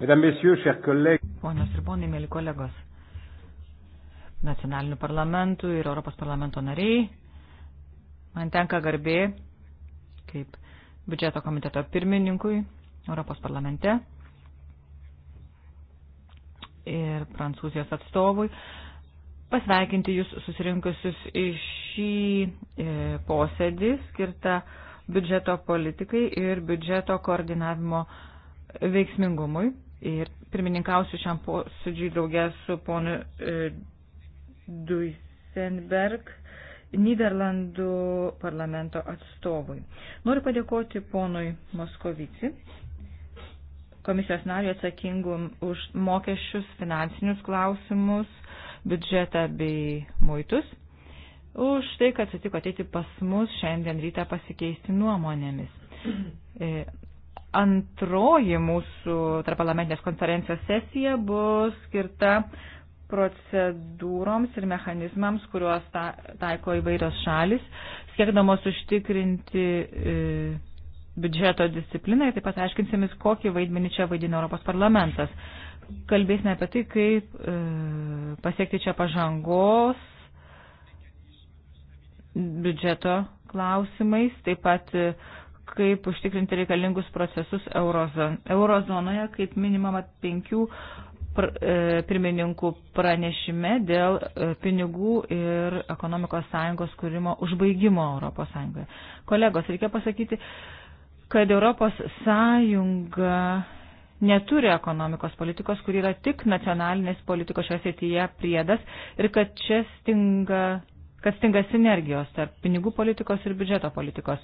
Ponios ir ponai, mėly kolegos, nacionalinių parlamentų ir Europos parlamento nariai, man tenka garbė kaip biudžeto komiteto pirmininkui Europos parlamente ir Prancūzijos atstovui pasveikinti jūs susirinkusius į šį e, posėdį skirtą biudžeto politikai ir biudžeto koordinavimo veiksmingumui. Ir pirmininkausiu šiam posėdžiui draugę su ponu e, Duisenberg, Niderlandų parlamento atstovui. Noriu padėkoti ponui Moskovici, komisijos nariu atsakingų už mokesčius, finansinius klausimus, biudžetą bei muitus, už tai, kad sutiko ateiti pas mus šiandien rytą pasikeisti nuomonėmis. E, Antroji mūsų tarparlamentinės konferencijos sesija bus skirta procedūroms ir mechanizmams, kuriuos ta, taiko įvairios šalis, siekdamos užtikrinti e, biudžeto discipliną ir taip pat aiškinsimės, kokį vaidmenį čia vaidina Europos parlamentas. Kalbėsime apie tai, kaip e, pasiekti čia pažangos biudžeto klausimais, taip pat e, kaip užtikrinti reikalingus procesus eurozon. eurozonoje, kaip minimama penkių pr, e, pirmininkų pranešime dėl e, pinigų ir ekonomikos sąjungos kūrimo užbaigimo Europos sąjungoje. Kolegos, reikia pasakyti, kad Europos sąjunga neturi ekonomikos politikos, kur yra tik nacionalinės politikos šioje srityje priedas ir kad čia stinga, kad stinga sinergijos tarp pinigų politikos ir biudžeto politikos.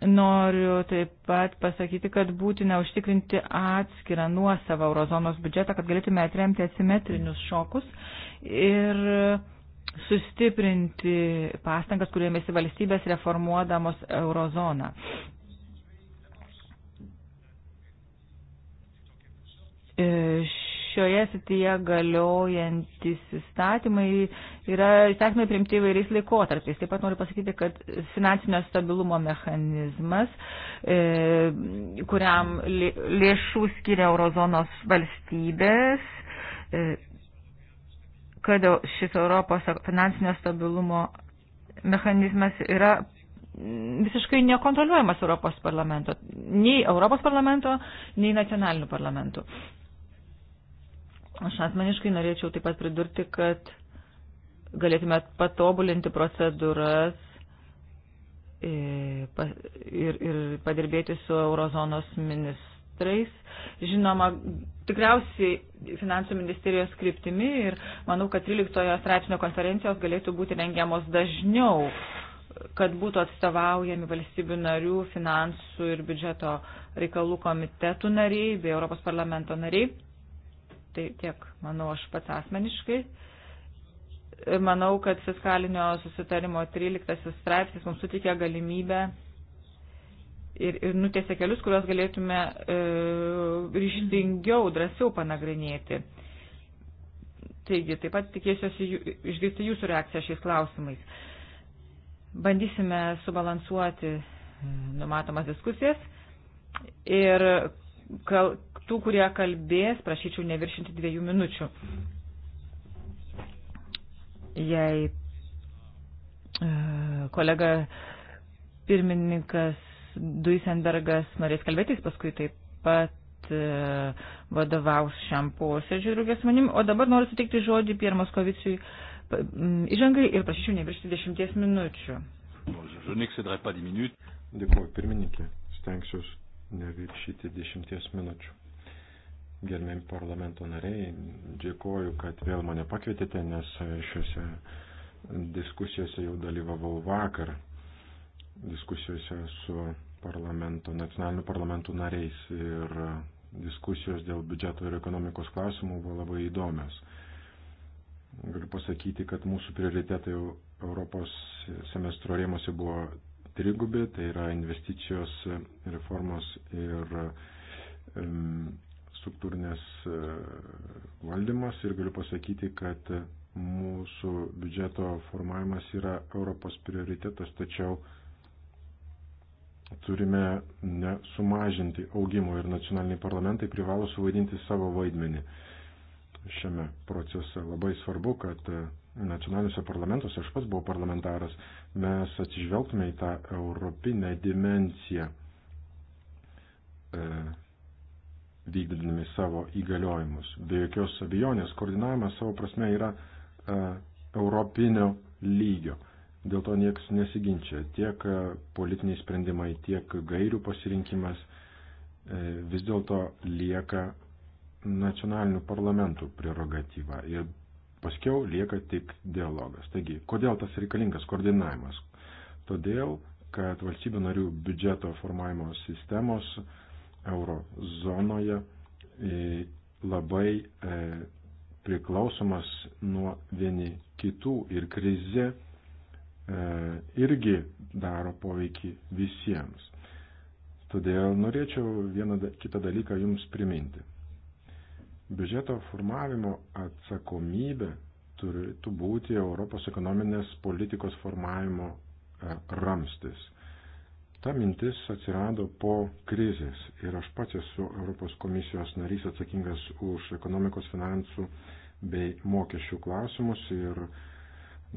Noriu taip pat pasakyti, kad būtina užtikrinti atskirą nuosavą eurozonos biudžetą, kad galėtume atremti asimetrinius šokus ir sustiprinti pastangas, kuriuomėsi valstybės reformuodamos eurozoną šioje sityje galiojantis įstatymai yra įstatymai priimti įvairiais laikotarpiais. Taip pat noriu pasakyti, kad finansinio stabilumo mechanizmas, e, kuriam lėšų skiria eurozonos valstybės, e, kad šis Europos finansinio stabilumo mechanizmas yra visiškai nekontroliuojamas Europos parlamento, nei Europos parlamento, nei nacionalinių parlamentų. E, Aš asmeniškai norėčiau taip pat pridurti, kad galėtume patobulinti procedūras e, ir, ir padirbėti su eurozonos ministrais. Žinoma, tikriausiai finansų ministerijos kryptimi ir manau, kad 13 straipsnio konferencijos galėtų būti rengiamos dažniau kad būtų atstovaujami valstybių narių, finansų ir biudžeto reikalų komitetų nariai bei Europos parlamento nariai Tai tiek, manau, aš pats asmeniškai. Manau, kad fiskalinio susitarimo 13 straipsnis mums sutikė galimybę ir, ir nutėse kelius, kuriuos galėtume e, ryštingiau, drąsiau panagrinėti. Taigi, taip pat tikėsiuosi išgirsti jūsų reakciją šiais klausimais. Bandysime subalansuoti e, numatomas diskusijas ir kal, tų, kurie kalbės, prašyčiau neviršinti dviejų minučių. Jei e, kolega pirmininkas Duisenbergas norės kalbėti, jis paskui taip pat e, vadovaus šiam posėdžiui draugės manim. O dabar noriu suteikti žodį Pierre Moskovicijui įžangai ir prašyčiau neviršti dešimties minučių. Dėkuoju, pirmininkė. Stengsiuosi neviršyti dešimties minučių. Gerbėjim parlamento nariai, dėkoju, kad vėl mane pakvietėte, nes šiuose diskusijose jau dalyvavau vakar, diskusijose su parlamento, nacionalinių parlamentų nariais ir diskusijos dėl biudžeto ir ekonomikos klausimų buvo labai įdomios. Galiu pasakyti, kad mūsų prioritetai Europos semestro rėmose buvo trigubi, tai yra investicijos e, reformos ir e, struktūrinės e, valdymas ir galiu pasakyti, kad mūsų biudžeto formavimas yra Europos prioritetas, tačiau turime nesumažinti augimo ir nacionaliniai parlamentai privalo suvaidinti savo vaidmenį šiame procese. Labai svarbu, kad nacionaliniuose parlamentuose, aš pats buvau parlamentaras, mes atsižvelgtume į tą europinę dimenciją e, vykdydami savo įgaliojimus. Be jokios abejonės, koordinavimas savo prasme yra e, europinio lygio. Dėl to niekas nesiginčia. Tiek e, politiniai sprendimai, tiek gairių pasirinkimas e, vis dėlto lieka nacionalinių parlamentų prerogatyva. Ir Paskiau lieka tik dialogas. Taigi, kodėl tas reikalingas koordinavimas? Todėl, kad valstybių narių biudžeto formavimo sistemos eurozonoje e, labai e, priklausomas nuo vieni kitų ir krize irgi daro poveikį visiems. Todėl norėčiau vieną kitą dalyką Jums priminti. Biudžeto formavimo atsakomybė turėtų būti Europos ekonominės politikos formavimo e, ramstis. Ta mintis atsirado po krizės ir aš pats esu Europos komisijos narys atsakingas už ekonomikos finansų bei mokesčių klausimus ir 2015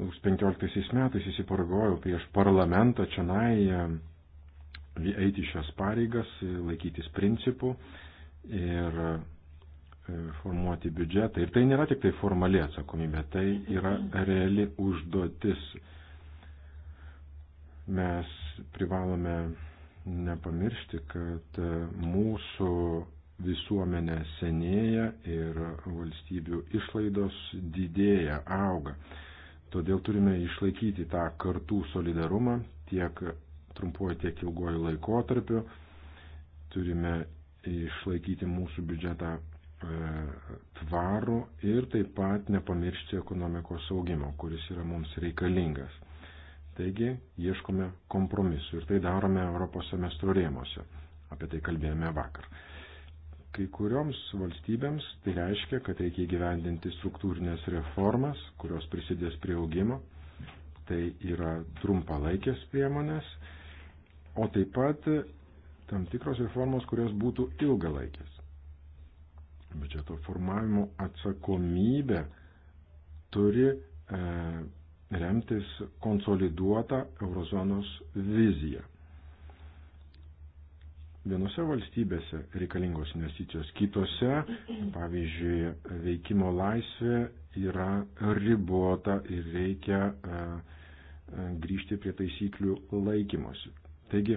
nu, metais įsipareigojau prieš parlamentą čionai e, eiti šias pareigas, laikytis principų ir E, formuoti biudžetą. Ir tai nėra tik tai formali atsakomybė, tai yra reali užduotis. Mes privalome nepamiršti, kad mūsų visuomenė senėja ir valstybių išlaidos didėja, auga. Todėl turime išlaikyti tą kartų solidarumą tiek trumpuoju, tiek ilguoju laikotarpiu. Turime išlaikyti mūsų biudžetą E, tvarų ir taip pat nepamiršti ekonomikos augimo, kuris yra mums reikalingas. Taigi ieškome kompromisų ir tai darome Europos semestro rėmose. Apie tai kalbėjome vakar. Kai kurioms valstybėms tai reiškia, kad reikia įgyvendinti struktūrinės reformas, kurios prisidės prie augimo. Tai yra trumpalaikės priemonės, o taip pat tam tikros reformos, kurios būtų ilgalaikės biudžeto formavimo atsakomybė turi e, remtis konsoliduota eurozonos vizija. Vienose valstybėse reikalingos investicijos, kitose, pavyzdžiui, veikimo laisvė yra ribota ir reikia e, e grįžti prie taisyklių laikymosi. Taigi,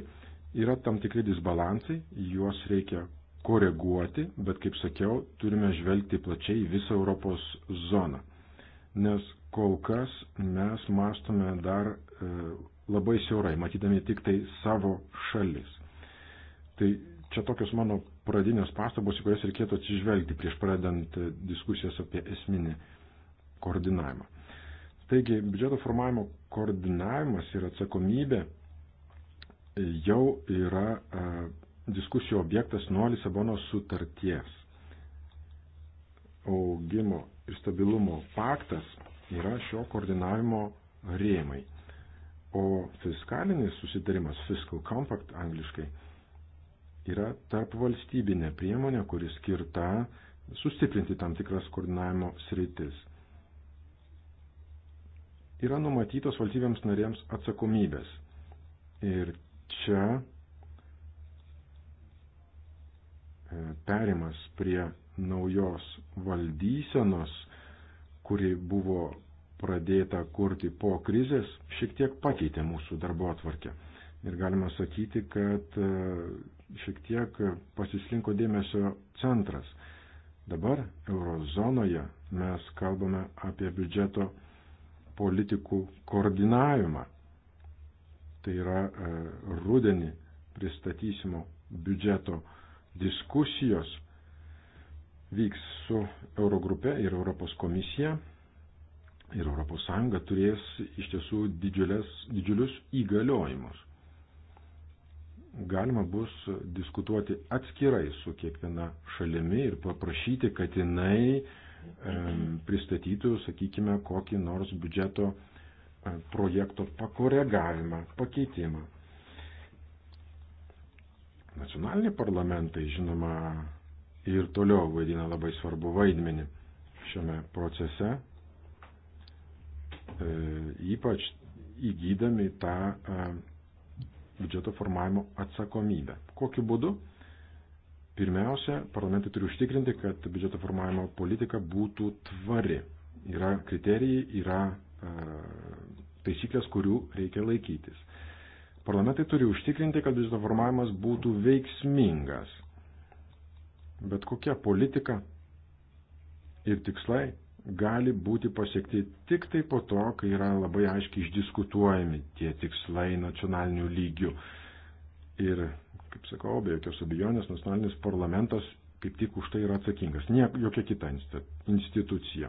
yra tam tikri disbalansai, juos reikia koreguoti, bet kaip sakiau, turime žvelgti plačiai visą Europos zoną. Nes kol kas mes mastome dar e, labai siaurai, matydami tik tai savo šalis. Tai čia tokios mano pradinės pastabos, į kurias reikėtų atsižvelgti prieš pradedant e, diskusijas apie esminį koordinavimą. Taigi, biudžeto formavimo koordinavimas ir atsakomybė jau yra e, diskusijų objektas nuo Lisabonos sutarties. Augimo ir stabilumo paktas yra šio koordinavimo rėmai. O fiskalinis susitarimas, fiscal compact angliškai, yra tarp valstybinė priemonė, kuri skirta sustiprinti tam tikras koordinavimo sritis. Yra numatytos valstybėms narėms atsakomybės. Ir čia E, perimas prie naujos valdysenos, kuri buvo pradėta kurti po krizės, šiek tiek pakeitė mūsų darbo atvarkę. Ir galima sakyti, kad e, šiek tiek pasislinko dėmesio centras. Dabar eurozonoje mes kalbame apie biudžeto politikų koordinavimą. Tai yra e, rudenį pristatysimo biudžeto koordinavimą diskusijos vyks su Eurogrupe ir Europos komisija. Ir Europos Sąjunga turės iš tiesų didžiulės, didžiulius įgaliojimus. Galima bus diskutuoti atskirai su kiekviena šalimi ir paprašyti, kad jinai e, pristatytų, sakykime, kokį nors biudžeto projekto pakoregavimą, pakeitimą. Nacionaliniai parlamentai, žinoma, ir toliau vaidina labai svarbu vaidmenį šiame procese, e, ypač įgydami tą e, biudžeto formavimo atsakomybę. Kokiu būdu? Pirmiausia, parlamentai turi užtikrinti, kad biudžeto formavimo politika būtų tvari. Yra kriterijai, yra e, taisyklės, kurių reikia laikytis. Parlamentai turi užtikrinti, kad biudžeto formavimas būtų veiksmingas. Bet kokia politika ir tikslai gali būti pasiekti tik tai po to, kai yra labai aiškiai išdiskutuojami tie tikslai nacionalinių lygių. Ir, kaip sakau, be jokios abejonės, nacionalinis parlamentas kaip tik už tai yra atsakingas, ne jokia kita institucija.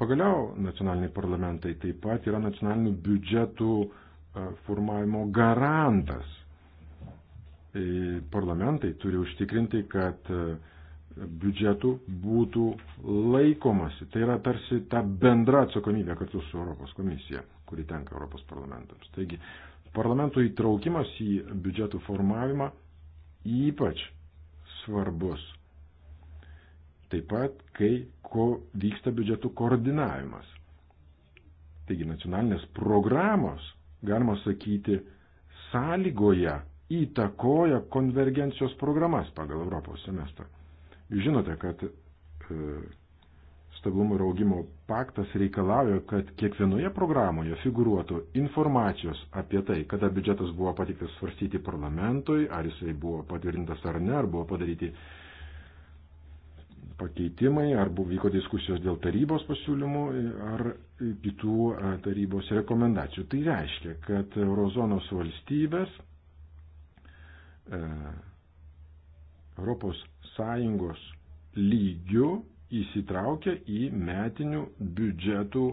Pagaliau nacionaliniai parlamentai taip pat yra nacionalinių biudžetų uh, formavimo garantas. E, parlamentai turi užtikrinti, kad e, biudžetų būtų laikomasi. Tai yra tarsi ta bendra atsakomybė kartu su Europos komisija, kuri tenka Europos parlamentams. Taigi, parlamento įtraukimas į biudžetų formavimą ypač svarbus. Taip pat, kai ko vyksta biudžetų koordinavimas. Taigi, nacionalinės programos galima sakyti, sąlygoja, įtakoja konvergencijos programas pagal Europos semestrą. Jūs žinote, kad e, stabilumo ir augimo paktas reikalauja, kad kiekvienoje programoje figuruotų informacijos apie tai, kada biudžetas buvo patiktas svarstyti parlamentui, ar jisai buvo patvirtintas ar ne, ar buvo padaryti pakeitimai, ar buvo vyko diskusijos dėl tarybos pasiūlymų, ar kitų tarybos rekomendacijų. Tai reiškia, kad eurozonos valstybės Europos Sąjungos lygių įsitraukia į metinių biudžetų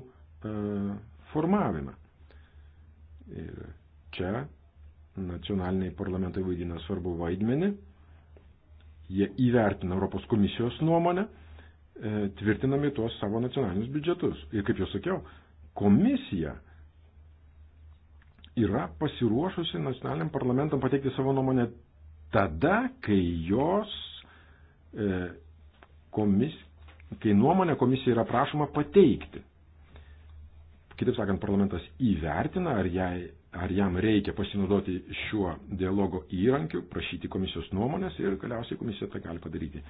formavimą. Ir čia nacionaliniai parlamentai vaidina svarbu vaidmenį Jie įvertina Europos komisijos nuomonę, e, tvirtinami tuos savo nacionalinius biudžetus. Ir kaip jau sakiau, komisija yra pasiruošusi nacionaliniam parlamentam pateikti savo nuomonę tada, kai jos e, komis, kai nuomonė komisija yra prašoma pateikti. Kitaip sakant, parlamentas įvertina, ar jai ar jam reikia pasinaudoti šiuo dialogo įrankiu, prašyti komisijos nuomonės ir galiausiai komisija tą gali padaryti.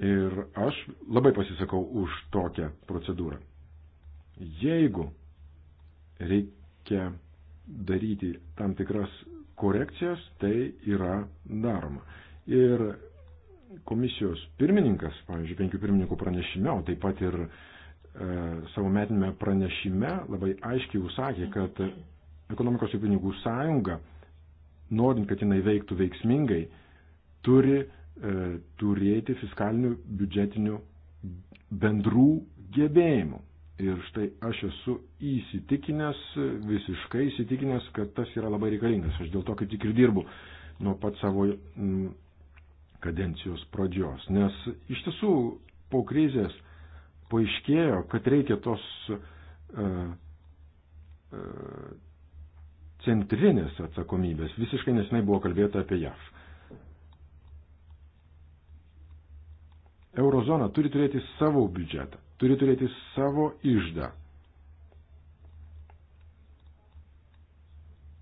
Ir aš labai pasisakau už tokią procedūrą. Jeigu reikia daryti tam tikras korekcijas, tai yra daroma. Ir komisijos pirmininkas, pavyzdžiui, penkių pirmininkų pranešime, o taip pat ir uh, E, savo metinėme pranešime labai aiškiai užsakė, kad ekonomikos ir pinigų sąjunga, norint, kad jinai veiktų veiksmingai, turi e, turėti fiskalinių biudžetinių bendrų gebėjimų. Ir štai aš esu įsitikinęs, visiškai įsitikinęs, kad tas yra labai reikalingas. Aš dėl to kaip tik ir dirbu nuo pat savo m, mm, kadencijos pradžios. Nes iš tiesų po krizės paaiškėjo, kad reikia tos uh, uh, centrinės atsakomybės. Visiškai nesinai buvo kalbėta apie JAV. Eurozona turi turėti savo biudžetą, turi turėti savo išdą.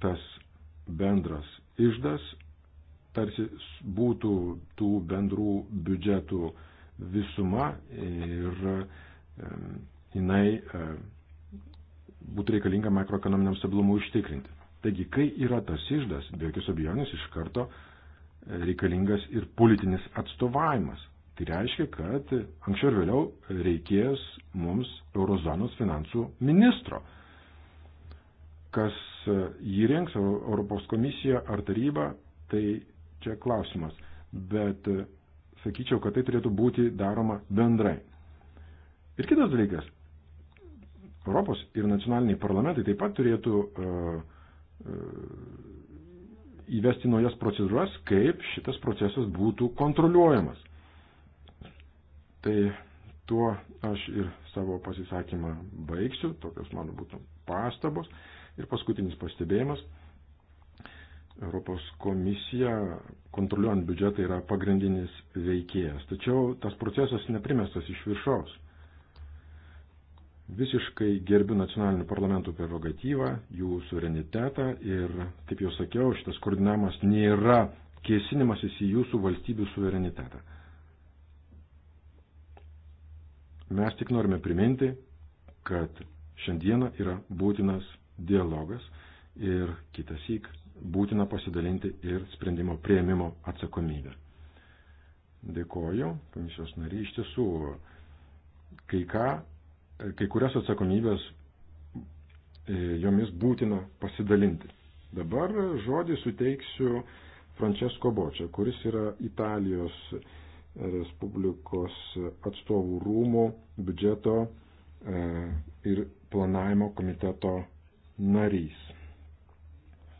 Tas bendras išdas tarsi būtų tų bendrų biudžetų uh, visuma ir jinai būtų reikalinga makroekonominiam stabilumui užtikrinti. Taigi, kai yra tas išdas, be jokios abejonės iš karto e, reikalingas ir politinis atstovavimas. Tai reiškia, kad anksčiau ir vėliau reikės mums eurozonos finansų ministro, kas e, jį rinks Europos komisija ar taryba, tai čia klausimas. Bet e, sakyčiau, kad tai turėtų būti daroma bendrai. Ir kitas dalykas, Europos ir nacionaliniai parlamentai taip pat turėtų uh, uh, įvesti naujas procedūras, kaip šitas procesas būtų kontroliuojamas. Tai tuo aš ir savo pasisakymą baigsiu, tokios mano būtų pastabos. Ir paskutinis pastebėjimas. Europos komisija, kontroliuojant biudžetą, yra pagrindinis veikėjas. Tačiau tas procesas neprimestas iš viršaus. Visiškai gerbiu nacionalinių parlamentų prerogatyvą, jų suverenitetą ir, kaip jau sakiau, šitas koordinavimas nėra kėsinimasis į jūsų valstybių suverenitetą. Mes tik norime priminti, kad šiandieną yra būtinas dialogas ir kitas įk būtina pasidalinti ir sprendimo prieimimo atsakomybę. Dėkoju, komisijos nariai, iš tiesų, kai, ką, kai kurias atsakomybės e, jomis būtina pasidalinti. Dabar žodį suteiksiu Francesco Bočia, kuris yra Italijos Respublikos atstovų rūmų biudžeto e, ir planavimo komiteto narys.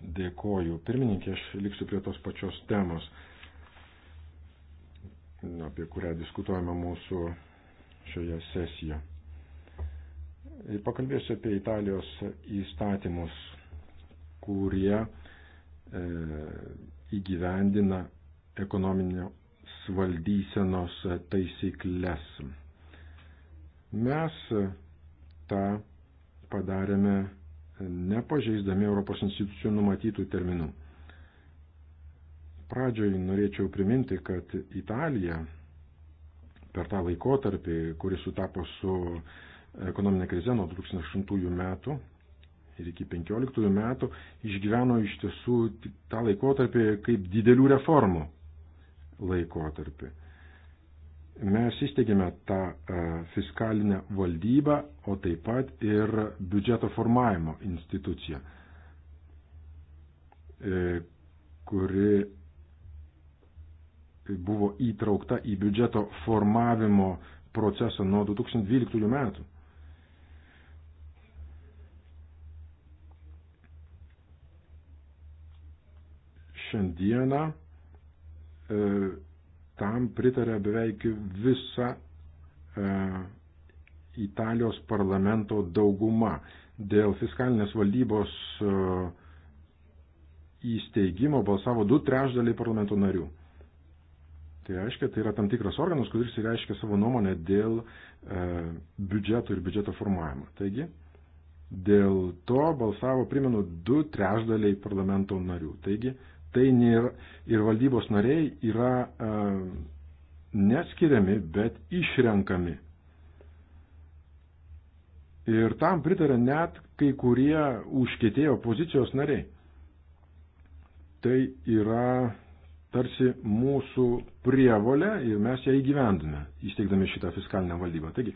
Dėkoju. Pirmininkė, aš liksiu prie tos pačios temos, apie kurią diskutuojame mūsų šioje sesijoje. Ir e, pakalbėsiu apie Italijos įstatymus, kurie e, įgyvendina ekonominio valdysenos taisyklės. Mes tą padarėme nepažeisdami Europos institucijų numatytų terminų. Pradžioj norėčiau priminti, kad Italija per tą laikotarpį, kuris sutapo su ekonominė krize nuo 2008 metų ir iki 2015 metų, išgyveno iš tiesų tą laikotarpį kaip didelių reformų laikotarpį mes įsteigėme tą e, fiskalinę valdybą, o taip pat ir biudžeto formavimo instituciją, e, kuri buvo įtraukta į biudžeto formavimo procesą nuo 2012 metų. Šiandieną e, tam pritarė beveik visa e, Italijos parlamento dauguma. Dėl fiskalinės valdybos e, įsteigimo balsavo du trešdaliai parlamento narių. Tai reiškia, tai yra tam tikras organas, kuris reiškia savo nuomonę dėl e, biudžeto ir biudžeto formavimo. Taigi, dėl to balsavo, primenu, du trešdaliai parlamento narių. Taigi, tai nėra, ir valdybos nariai yra e, neskiriami, bet išrenkami. Ir tam pritarė net kai kurie užkėtėjo pozicijos nariai. Tai yra tarsi mūsų prievolė ir mes ją įgyvendame, įsteigdami šitą fiskalinę valdybą. Taigi,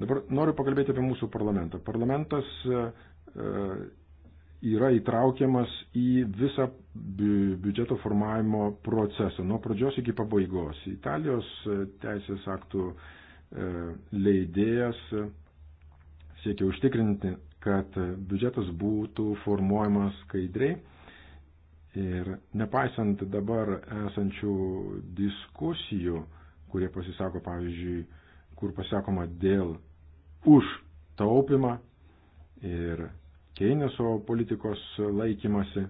dabar noriu pakalbėti apie mūsų parlamentą. Parlamentas e, yra įtraukiamas į visą biudžeto formavimo procesą nuo pradžios iki pabaigos. Italijos e, teisės aktų e, leidėjas e, siekia užtikrinti, kad biudžetas būtų formuojamas skaidriai ir nepaisant dabar esančių diskusijų, kurie pasisako, pavyzdžiui, kur pasakoma dėl už taupimą ir Keiniuso politikos laikymasi.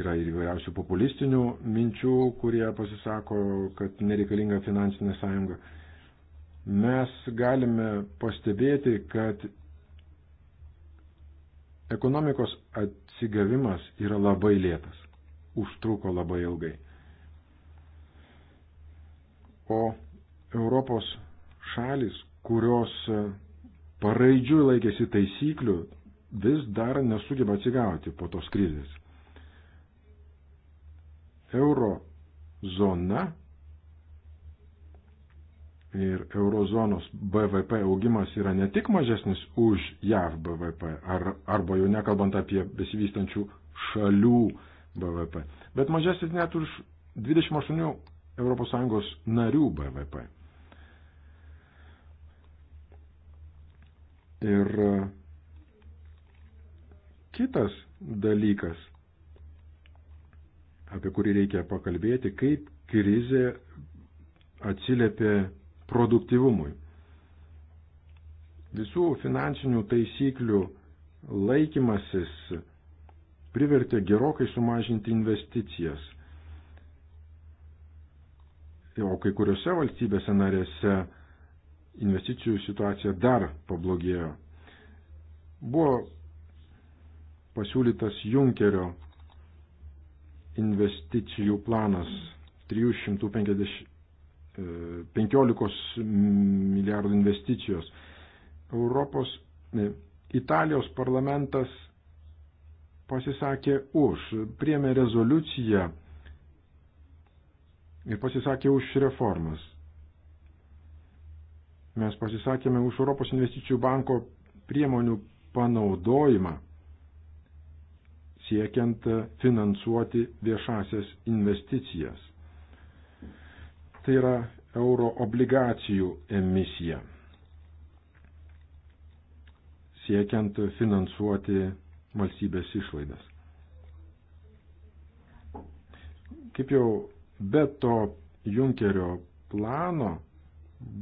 Yra ir įvairiausių populistinių minčių, kurie pasisako, kad nereikalinga finansinė sąjunga. Mes galime pastebėti, kad ekonomikos atsigavimas yra labai lėtas, užtruko labai ilgai. O Europos šalis, kurios paraidžiui laikėsi taisyklių, vis dar nesugeba atsigauti po tos krizės. Euro zona ir eurozonos BVP augimas yra ne tik mažesnis už JAV BVP, ar, arba jau nekalbant apie besivystančių šalių BVP, bet mažesnis net už 28 ES narių BVP. Ir kitas dalykas, apie kurį reikia pakalbėti, kaip krizė atsiliepė produktivumui. Visų finansinių taisyklių laikymasis privertė gerokai sumažinti investicijas. O kai kuriuose valstybėse narėse investicijų situacija dar pablogėjo. Buvo pasiūlytas Junkerio investicijų planas 315 e, milijardų investicijos. Europos, ne, Italijos parlamentas pasisakė už, priemė rezoliuciją ir pasisakė už reformas. Mes pasisakėme už Europos investicijų banko priemonių panaudojimą siekiant finansuoti viešasias investicijas. Tai yra euro obligacijų emisija. Siekiant finansuoti valstybės išlaidas. Kaip jau be to Junkerio plano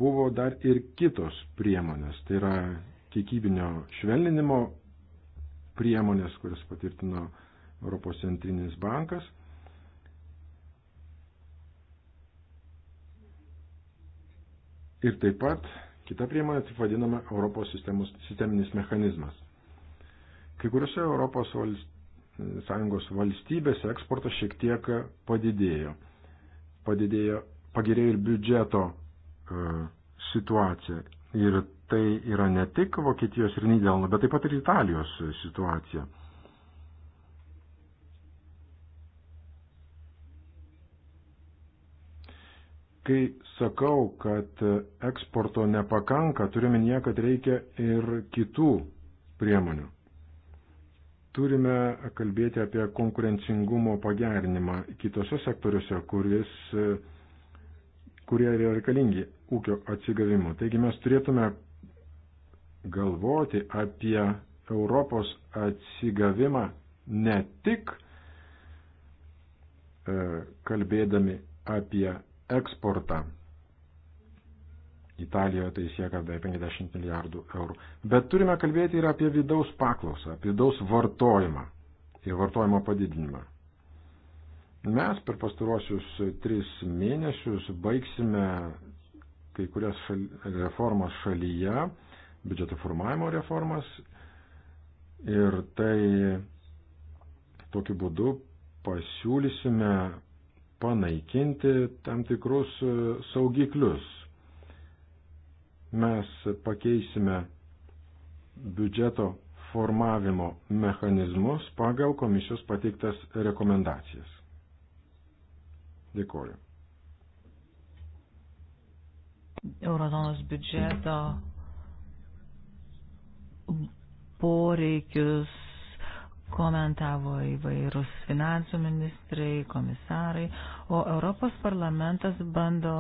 buvo dar ir kitos priemonės, tai yra kiekybinio švelninimo priemonės, kuris patvirtino Europos centrinis bankas. Ir taip pat kita priemonė, taip vadinama Europos sistemos, sisteminis mechanizmas. Kai kuriuose Europos valst, Sąjungos valstybėse eksportas šiek tiek padidėjo. padidėjo pagerėjo ir biudžeto e, situacija. Ir tai yra ne tik Vokietijos ir Nydelno, bet taip pat ir Italijos situacija. Kai sakau, kad eksporto nepakanka, turime nie, kad reikia ir kitų priemonių. Turime kalbėti apie konkurencingumo pagerinimą kitose sektoriuose, kuris, kurie yra reikalingi ūkio atsigavimu. Taigi mes turėtume galvoti apie Europos atsigavimą ne tik e, kalbėdami apie eksportą. Italijoje tai siekia beveik 50 milijardų eurų. Bet turime kalbėti ir apie vidaus paklausą, apie vidaus vartojimą ir vartojimo padidinimą. Mes per pastaruosius tris mėnesius baigsime kai kurias šal, reformas šalyje, biudžeto formavimo reformas ir tai tokiu būdu pasiūlysime panaikinti tam tikrus e, saugiklius. Mes pakeisime biudžeto formavimo mechanizmus pagal komisijos pateiktas rekomendacijas. Dėkuoju. Eurozonos biudžeto poreikius komentavo įvairūs finansų ministrai, komisarai, o Europos parlamentas bando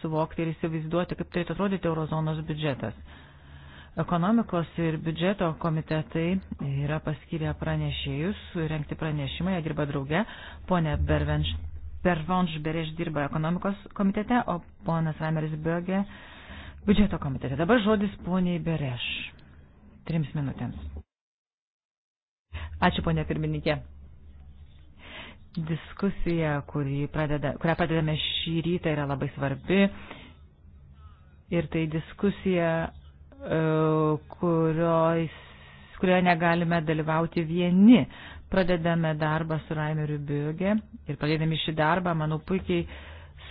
suvokti ir įsivaizduoti, kaip turėtų atrodyti eurozonos biudžetas. Ekonomikos ir biudžeto komitetai yra paskyrę pranešėjus, renkti pranešimą, jie dirba drauge, ponė Bervenš, Pervenš Bereš dirba ekonomikos komitete, o ponas Rameris Bögė biudžeto komitete. Dabar žodis poniai Bereš trims minutėms. Ačiū, ponė pirmininkė. Diskusija, pradeda, kurią pradedame šį rytą, yra labai svarbi. Ir tai diskusija, e, kurios, kurioje negalime dalyvauti vieni. Pradedame darbą su Raimeriu Biugė ir pradėdami šį darbą, manau, puikiai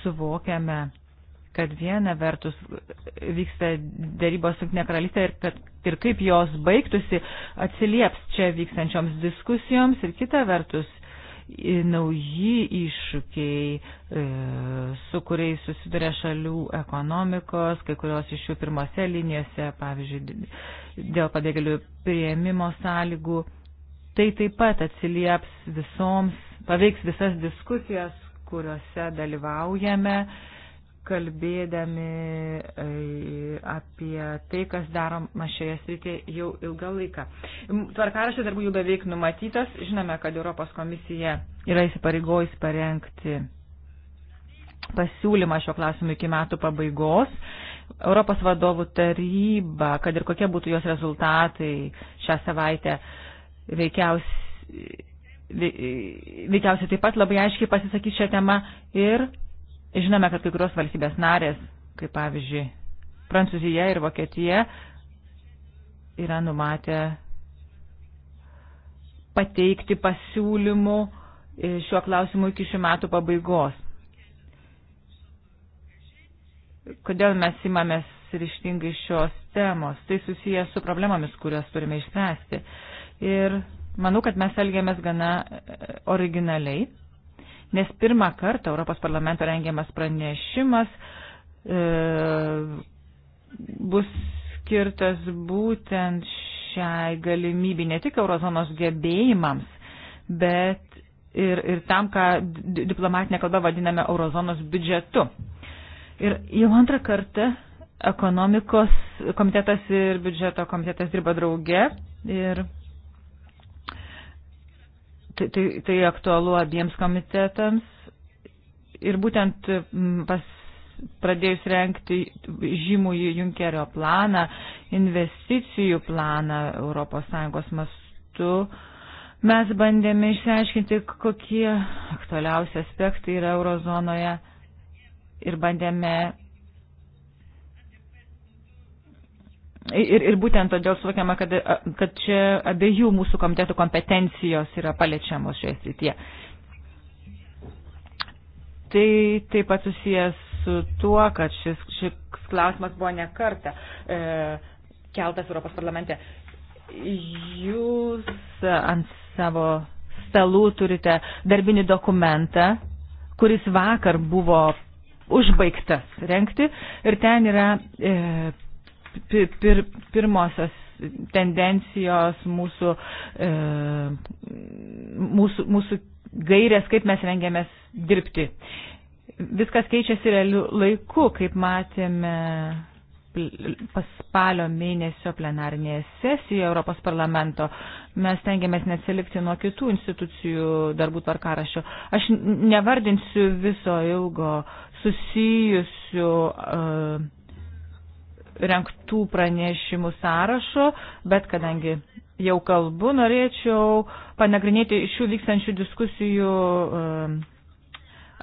suvokiame, kad viena vertus vyksta darybos Junktinė karalystė ir kad ir kaip jos baigtųsi, atsilieps čia vykstančioms diskusijoms ir kita vertus nauji iššūkiai, e, su kuriais susiduria šalių ekonomikos, kai kurios iš jų pirmose linijose, pavyzdžiui, dėl pabėgėlių prieimimo sąlygų. Tai taip pat atsilieps visoms, paveiks visas diskusijas, kuriuose dalyvaujame kalbėdami e, apie tai, kas daroma šioje srityje jau ilgą laiką. Tvarkaraštis darbų jau beveik numatytas. Žinome, kad Europos komisija yra įsipareigojus parengti pasiūlymą šio klausimu iki metų pabaigos. Europos vadovų taryba, kad ir kokie būtų jos rezultatai šią savaitę, veikiausiai, veikiausiai taip pat labai aiškiai pasisakys šią temą ir Žinome, kad kai kurios valstybės narės, kaip pavyzdžiui Prancūzija ir Vokietija, yra numatę pateikti pasiūlymų e, šiuo klausimu iki šių metų pabaigos. Kodėl mes imamės ryštingai šios temos? Tai susijęs su problemomis, kurias turime išspręsti. Ir manau, kad mes elgiamės gana e, originaliai nes pirmą kartą Europos parlamento rengiamas pranešimas e, bus skirtas būtent šiai galimybei, ne tik eurozonos gebėjimams, bet ir, ir tam, ką diplomatinė kalba vadiname eurozonos biudžetu. Ir jau antrą kartą ekonomikos komitetas ir biudžeto komitetas dirba drauge ir tai, tai, tai aktualu abiems komitetams ir būtent mm, pas pradėjus renkti žymųjį Junkerio planą, investicijų planą ES mastu, mes bandėme išsiaiškinti, kokie aktualiausi aspektai yra eurozonoje ir bandėme ir, ir būtent todėl suvokiama, kad, kad čia abiejų mūsų komitetų kompetencijos yra paliečiamos šioje srityje. Tai taip pat susijęs su tuo, kad šis, šis klausimas buvo nekarta e, keltas Europos parlamente. Jūs ant savo stalų turite darbinį dokumentą, kuris vakar buvo užbaigtas renkti ir ten yra e, pir, pirmosios tendencijos mūsų, e, mūsų, mūsų gairės, kaip mes rengiamės dirbti. Viskas keičiasi realiu laiku, kaip matėme paspalio mėnesio plenarinėje sesijoje Europos parlamento. Mes tengiamės neatsilikti nuo kitų institucijų darbų tvarkarašio. Aš nevardinsiu viso ilgo susijusių uh, renktų pranešimų sąrašo, bet kadangi jau kalbu, norėčiau panagrinėti šių vykstančių diskusijų um,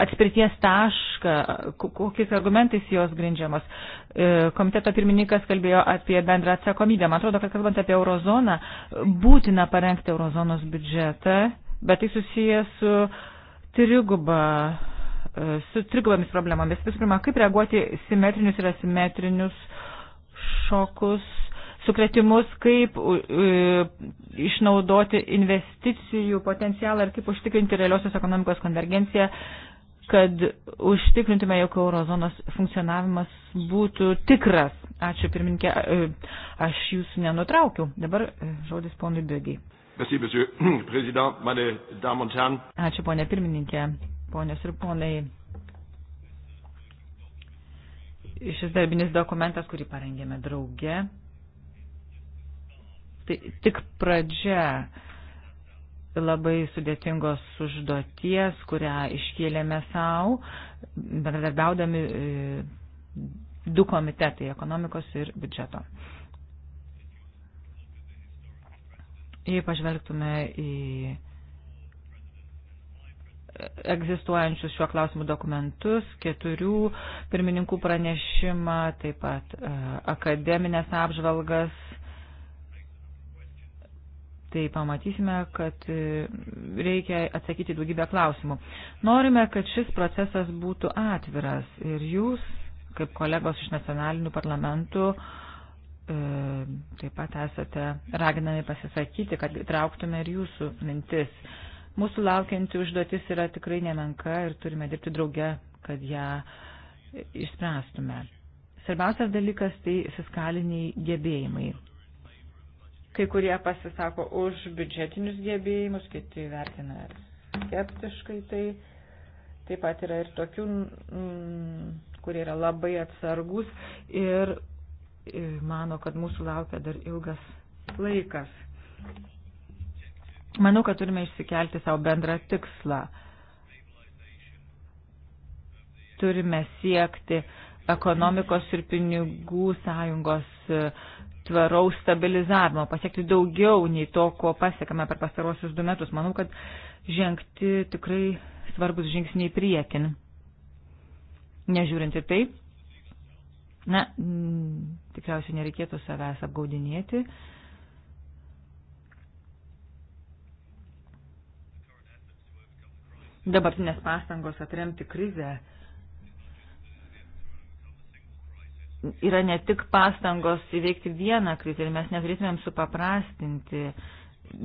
atspirties tašką, kokiais argumentais jos grindžiamas. E, komiteto pirmininkas kalbėjo apie bendrą atsakomybę. Man atrodo, kad kalbant apie eurozoną, būtina parengti eurozonos biudžetą, bet tai susijęs su triguba e, su trigubomis problemomis. Visų pirma, kaip reaguoti simetrinius ir asimetrinius uh, šokus, sukretimus, kaip išnaudoti investicijų potencialą ir kaip užtikrinti realiosios ekonomikos konvergenciją, kad užtikrintume, jog eurozonos funkcionavimas būtų tikras. Ačiū pirminkė, e, aš jūsų nenutraukiau. Dabar e, žodis ponui Bėgiai. Ačiū ponė pirmininkė, ponios ir ponai šis darbinis dokumentas, kurį parengėme drauge, tai tik pradžia labai sudėtingos užduoties, kurią iškėlėme savo, bendradarbiaudami e, du komitetai - ekonomikos ir biudžeto. Jei pažvelgtume į egzistuojančius šiuo klausimu dokumentus, keturių pirmininkų pranešimą, taip pat e, akademinės apžvalgas. Tai pamatysime, kad e, reikia atsakyti daugybę klausimų. Norime, kad šis procesas būtų atviras ir jūs, kaip kolegos iš nacionalinių parlamentų, e, taip pat esate raginami pasisakyti, kad trauktume ir jūsų mintis Mūsų laukianti užduotis yra tikrai nemenka ir turime dirbti drauge, kad ją išspręstume. Svarbiausias dalykas tai fiskaliniai gebėjimai. Kai kurie pasisako už biudžetinius gebėjimus, kiti vertina skeptiškai tai. Taip pat yra ir tokių, mm, kurie yra labai atsargus ir mano, kad mūsų laukia dar ilgas laikas. Manau, kad turime išsikelti savo bendrą tikslą. Turime siekti ekonomikos ir pinigų sąjungos e, tvaraus stabilizavimo, pasiekti daugiau nei to, ko pasiekame per pastarosius du metus. Manau, kad žengti tikrai svarbus žingsniai priekin. Nežiūrint į tai, na, tikriausiai nereikėtų savęs apgaudinėti. Uh, dabartinės pastangos atremti krizę yra ne tik pastangos įveikti vieną krizę ir mes neturėtumėm supaprastinti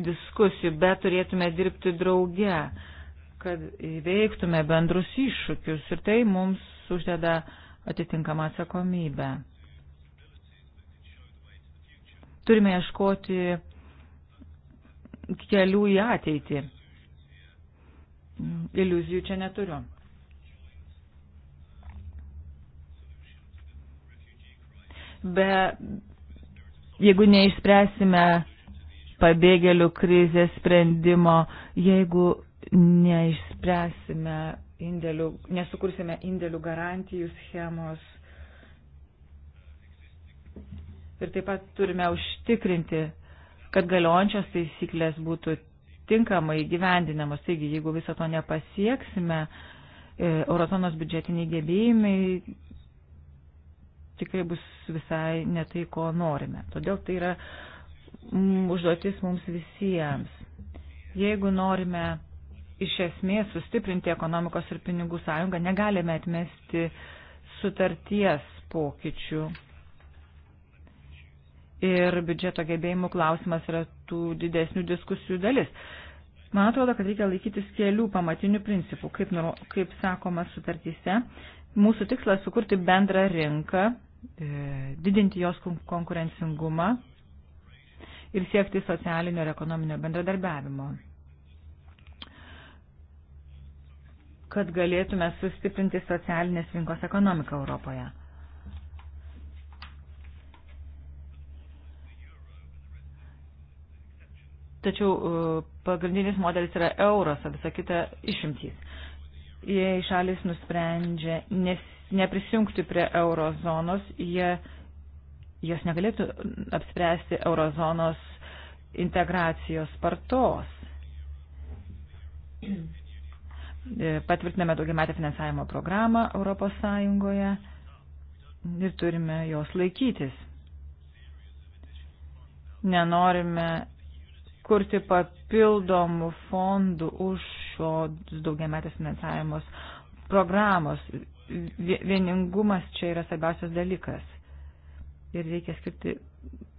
diskusijų, bet turėtume dirbti drauge, kad įveiktume bendrus iššūkius ir tai mums uždeda atitinkamą atsakomybę. Turime ieškoti kelių į ateitį iliuzijų čia neturiu. Be, jeigu neišspręsime pabėgėlių krizės sprendimo, jeigu neišspręsime indėlių, nesukursime indėlių garantijų schemos. Ir taip pat turime užtikrinti, kad galiojančios taisyklės būtų tinkamai gyvendinamos. Taigi, jeigu viso to nepasieksime, e, Eurozonos biudžetiniai gebėjimai tikrai bus visai ne tai, ko norime. Todėl tai yra mm, užduotis mums visiems. Jeigu norime iš esmės sustiprinti ekonomikos ir pinigų sąjungą, negalime atmesti sutarties pokyčių. Ir biudžeto gebėjimų klausimas yra tų didesnių diskusijų dalis. Man atrodo, kad reikia laikytis kelių pamatinių principų. Kaip, kaip sakoma sutartyse, mūsų tikslas sukurti bendrą rinką, e, didinti jos konkurencingumą ir siekti socialinio ir ekonominio bendradarbiavimo. Kad galėtume sustiprinti socialinės rinkos ekonomiką Europoje. Tačiau e, pagrindinis modelis yra euras, o visa kita išimtys. Jei šalis nusprendžia nes, neprisijungti prie eurozonos, jie, jos negalėtų apspręsti eurozonos integracijos spartos. E, patvirtiname daugiametę finansavimo programą Europos Sąjungoje ir turime jos laikytis. Nenorime kurti papildomų fondų už šios daugiametės finansavimus programos. Vieningumas čia yra svarbiausias dalykas. Ir reikia skirti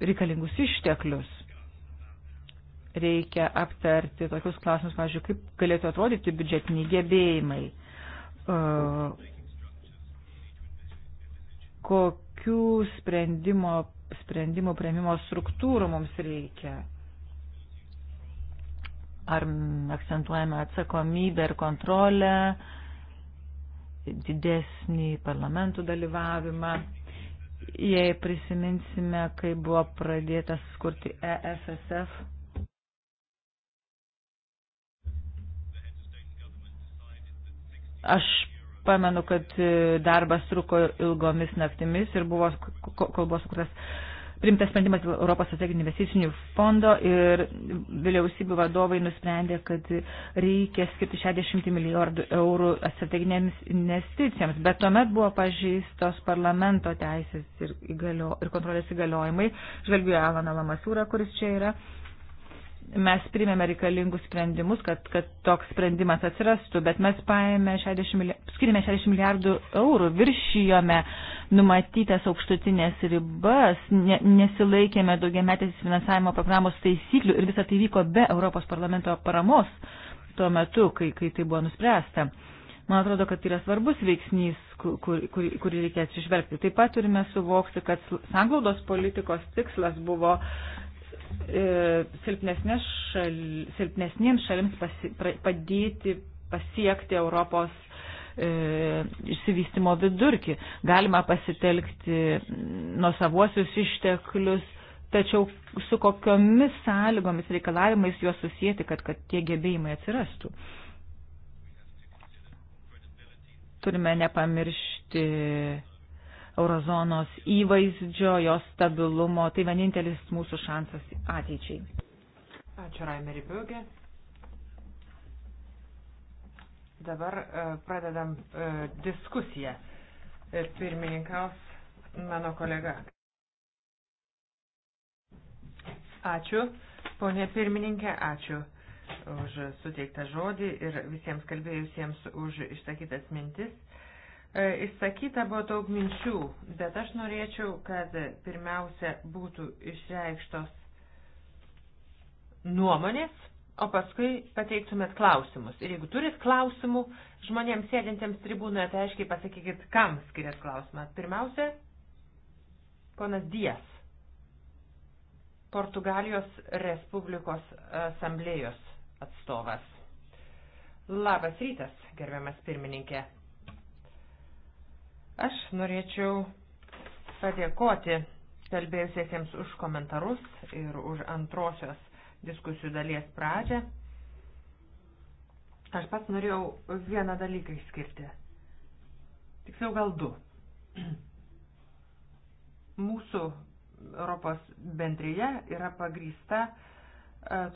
reikalingus išteklius. Reikia aptarti tokius klausimus, pavyzdžiui, kaip galėtų atrodyti biudžetiniai gebėjimai. Kokių sprendimo, sprendimų prieimimo struktūrų mums reikia Ar akcentuojame atsakomybę ir kontrolę, didesnį parlamentų dalyvavimą. Jei prisiminsime, kai buvo pradėtas skurti ESSF, aš pamenu, kad darbas truko ilgomis naktimis ir buvo kalbos, kurias primtas sprendimas dėl Europos strateginių investicinių fondo ir vyriausybių vadovai nusprendė, kad reikia skirti 60 milijardų eurų strateginėms investicijoms, bet tuomet buvo pažįstos parlamento teisės ir, įgalio, ir kontrolės įgaliojimai. Žvelgiu Alaną Lamasūrą, kuris čia yra mes primėme reikalingus sprendimus, kad, kad toks sprendimas atsirastų, bet mes paėmė 60, skirime 60 milijardų eurų, viršijome numatytas aukštutinės ribas, ne, nesilaikėme daugiametės finansavimo programos taisyklių ir visą tai vyko be Europos parlamento paramos tuo metu, kai, kai tai buvo nuspręsta. Man atrodo, kad yra svarbus veiksnys, kurį kur, kur, kur reikia atsižvelgti. Taip pat turime suvokti, kad sanglaudos politikos tikslas buvo E, silpnesniems šal, šalims pasi, pra, padėti pasiekti Europos e, išsivystimo vidurkį. Galima pasitelkti nuo savuosius išteklius, tačiau su kokiomis sąlygomis reikalavimais juos susijęti, kad, kad tie gebėjimai atsirastų. Turime nepamiršti eurozonos įvaizdžio, jos stabilumo. Tai vienintelis mūsų šansas ateičiai. Ačiū Raimerį Biugė. Dabar e, pradedam e, diskusiją. E, pirmininkaus mano kolega. Ačiū, ponė pirmininkė, ačiū už suteiktą žodį ir visiems kalbėjusiems už išsakytas mintis. E, išsakyta buvo daug minčių, bet aš norėčiau, kad pirmiausia būtų išreikštos nuomonės, o paskui pateiktumėt klausimus. Ir jeigu turit klausimų žmonėms sėdintiems tribūnoje, tai aiškiai pasakykit, kam skiriat klausimą. Pirmiausia, ponas Dijas, Portugalijos Respublikos asamblėjos atstovas. Labas rytas, gerbiamas pirmininkė. Aš norėčiau padėkoti kalbėjusiesiems už komentarus ir už antrosios diskusijų dalies pradžią. Aš pats norėjau vieną dalyką išskirti. Tiksliau gal du. Mūsų Europos bendryje yra pagrįsta e,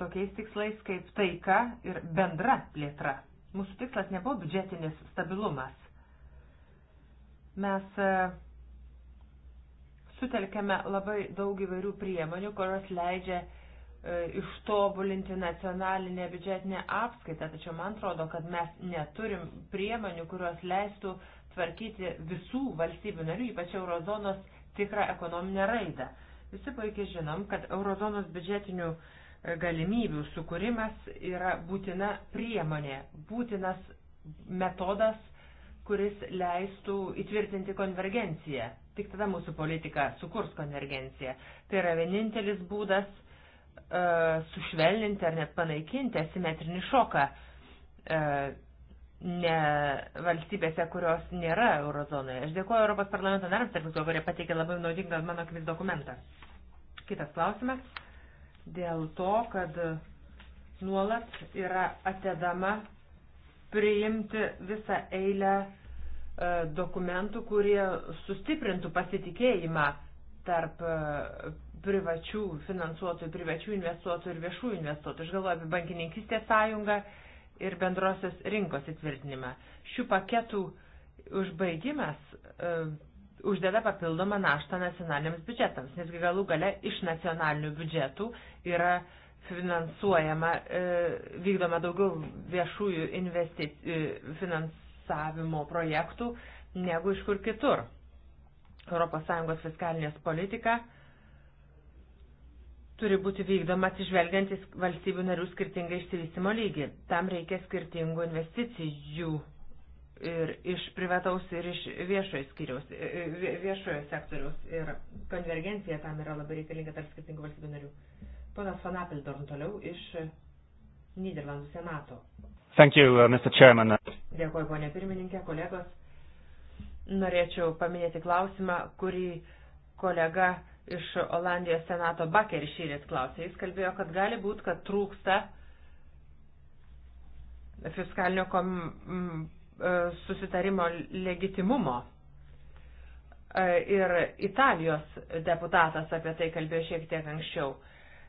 tokiais tikslais kaip taika ir bendra plėtra. Mūsų tikslas nebuvo biudžetinis stabilumas Mes e, sutelkėme labai daug įvairių priemonių, kurios leidžia e, ištobulinti nacionalinę biudžetinę apskaitą, tačiau man atrodo, kad mes neturim priemonių, kurios leistų tvarkyti visų valstybių narių, ypač eurozonos tikrą ekonominę raidą. Visi puikiai žinom, kad eurozonos biudžetinių e, galimybių sukūrimas yra būtina priemonė, būtinas metodas kuris leistų įtvirtinti konvergenciją. Tik tada mūsų politika sukurs konvergenciją. Tai yra vienintelis būdas uh, sušvelninti ar net panaikinti asimetrinį šoką uh, ne valstybėse, kurios nėra eurozonoje. Aš dėkuoju Europos parlamento narams, tarp visko, kurie pateikė labai naudingą mano kviz dokumentą. Kitas klausimas. Dėl to, kad nuolat yra atedama priimti visą eilę e, dokumentų, kurie sustiprintų pasitikėjimą tarp e, privačių finansuotojų, privačių investuotojų ir viešų investuotojų. Aš galvoju apie bankininkistės sąjungą ir bendrosios rinkos įtvirtinimą. Šių paketų užbaigimas e, uždeda papildomą naštą nacionaliniams biudžetams, nesgi galų gale iš nacionalinių biudžetų yra e, finansuojama, e, vykdoma daugiau viešųjų finansavimo projektų negu iš kur kitur. ES fiskalinės politika turi būti vykdoma atsižvelgiantis valstybių narių skirtingą išsivystimo lygį. Tam reikia skirtingų investicijų ir iš privataus ir iš viešojo, skiriaus, e, e, viešojo sektoriaus. Ir konvergencija tam yra labai reikalinga tarp skirtingų valstybių narių. Ponas Van Appeldorn toliau iš Niderlandų senato. Thank you, uh, Mr. Chairman. Dėkuoju, ponė pirmininkė, kolegos. Norėčiau paminėti klausimą, kurį kolega iš Olandijos senato Baker šįryt klausė. Jis kalbėjo, kad gali būti, kad trūksta fiskalinio kom, m, e, susitarimo legitimumo. E, ir Italijos deputatas apie tai kalbėjo šiek tiek anksčiau.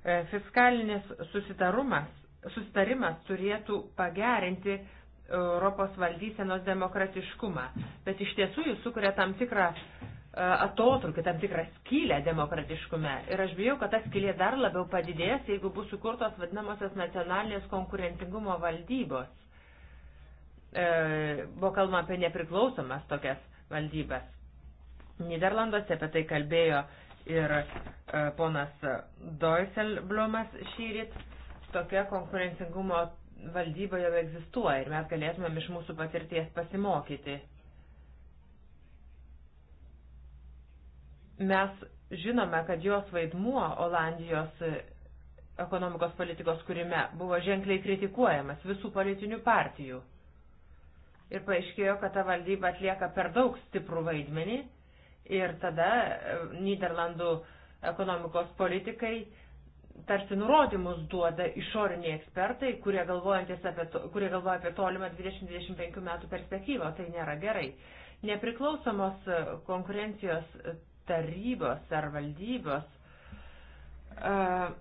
E, fiskalinis susitarimas turėtų pagerinti Europos valdysenos demokratiškumą, bet iš tiesų jis sukuria tam tikrą e, atotrukį, tam tikrą skylę demokratiškume. Ir aš bijau, kad ta skylė dar labiau padidės, jeigu bus sukurtos vadinamosios nacionalinės konkurentingumo valdybos. E, buvo kalbama apie nepriklausomas tokias valdybas. Niderlanduose apie tai kalbėjo ir e, ponas Doiselblomas šyrit, tokia konkurencingumo valdyba jau egzistuoja ir mes galėtumėm iš mūsų patirties pasimokyti. Mes žinome, kad jos vaidmuo Olandijos ekonomikos politikos kūrime buvo ženkliai kritikuojamas visų politinių partijų. Ir paaiškėjo, kad ta valdyba atlieka per daug stiprų vaidmenį Ir tada e, Niderlandų ekonomikos politikai tarsi nurodymus duoda išoriniai ekspertai, kurie, apie to, kurie galvoja apie tolimą 20-25 metų perspektyvą. Tai nėra gerai. Nepriklausomos e, konkurencijos tarybos ar valdybos uh,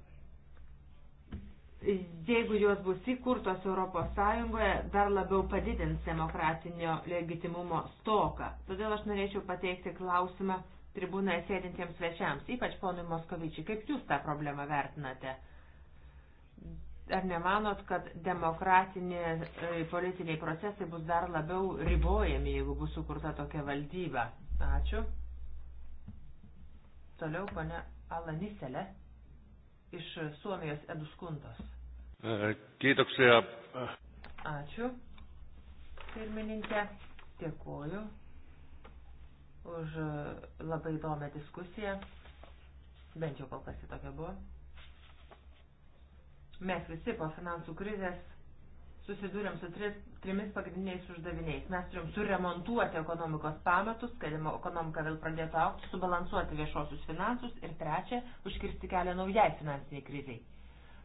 jeigu jos bus įkurtos ES, dar labiau padidins demokratinio legitimumo stoką. Todėl aš norėčiau pateikti klausimą tribūnoje sėdintiems svečiams, ypač ponui Moskovičiui, kaip jūs tą problemą vertinate? Ar nemanot, kad demokratiniai e, politiniai procesai bus dar labiau ribojami, jeigu bus sukurta tokia valdyba? Ačiū. Toliau, ponia Alaniselė iš Suomijos Eduskuntos. Kiitoksia. Ačiū. Pirmininkė, dėkuoju už labai įdomią diskusiją. Bent jau kol kas į tokia buvo. Mes visi po finansų krizės susidūrėm su tris, trimis pagrindiniais uždaviniais. Mes turim suremontuoti ekonomikos pamatus, kad ekonomika vėl pradėtų aukti, subalansuoti viešosius finansus ir trečia, užkirsti kelią naujai finansiniai kriziai.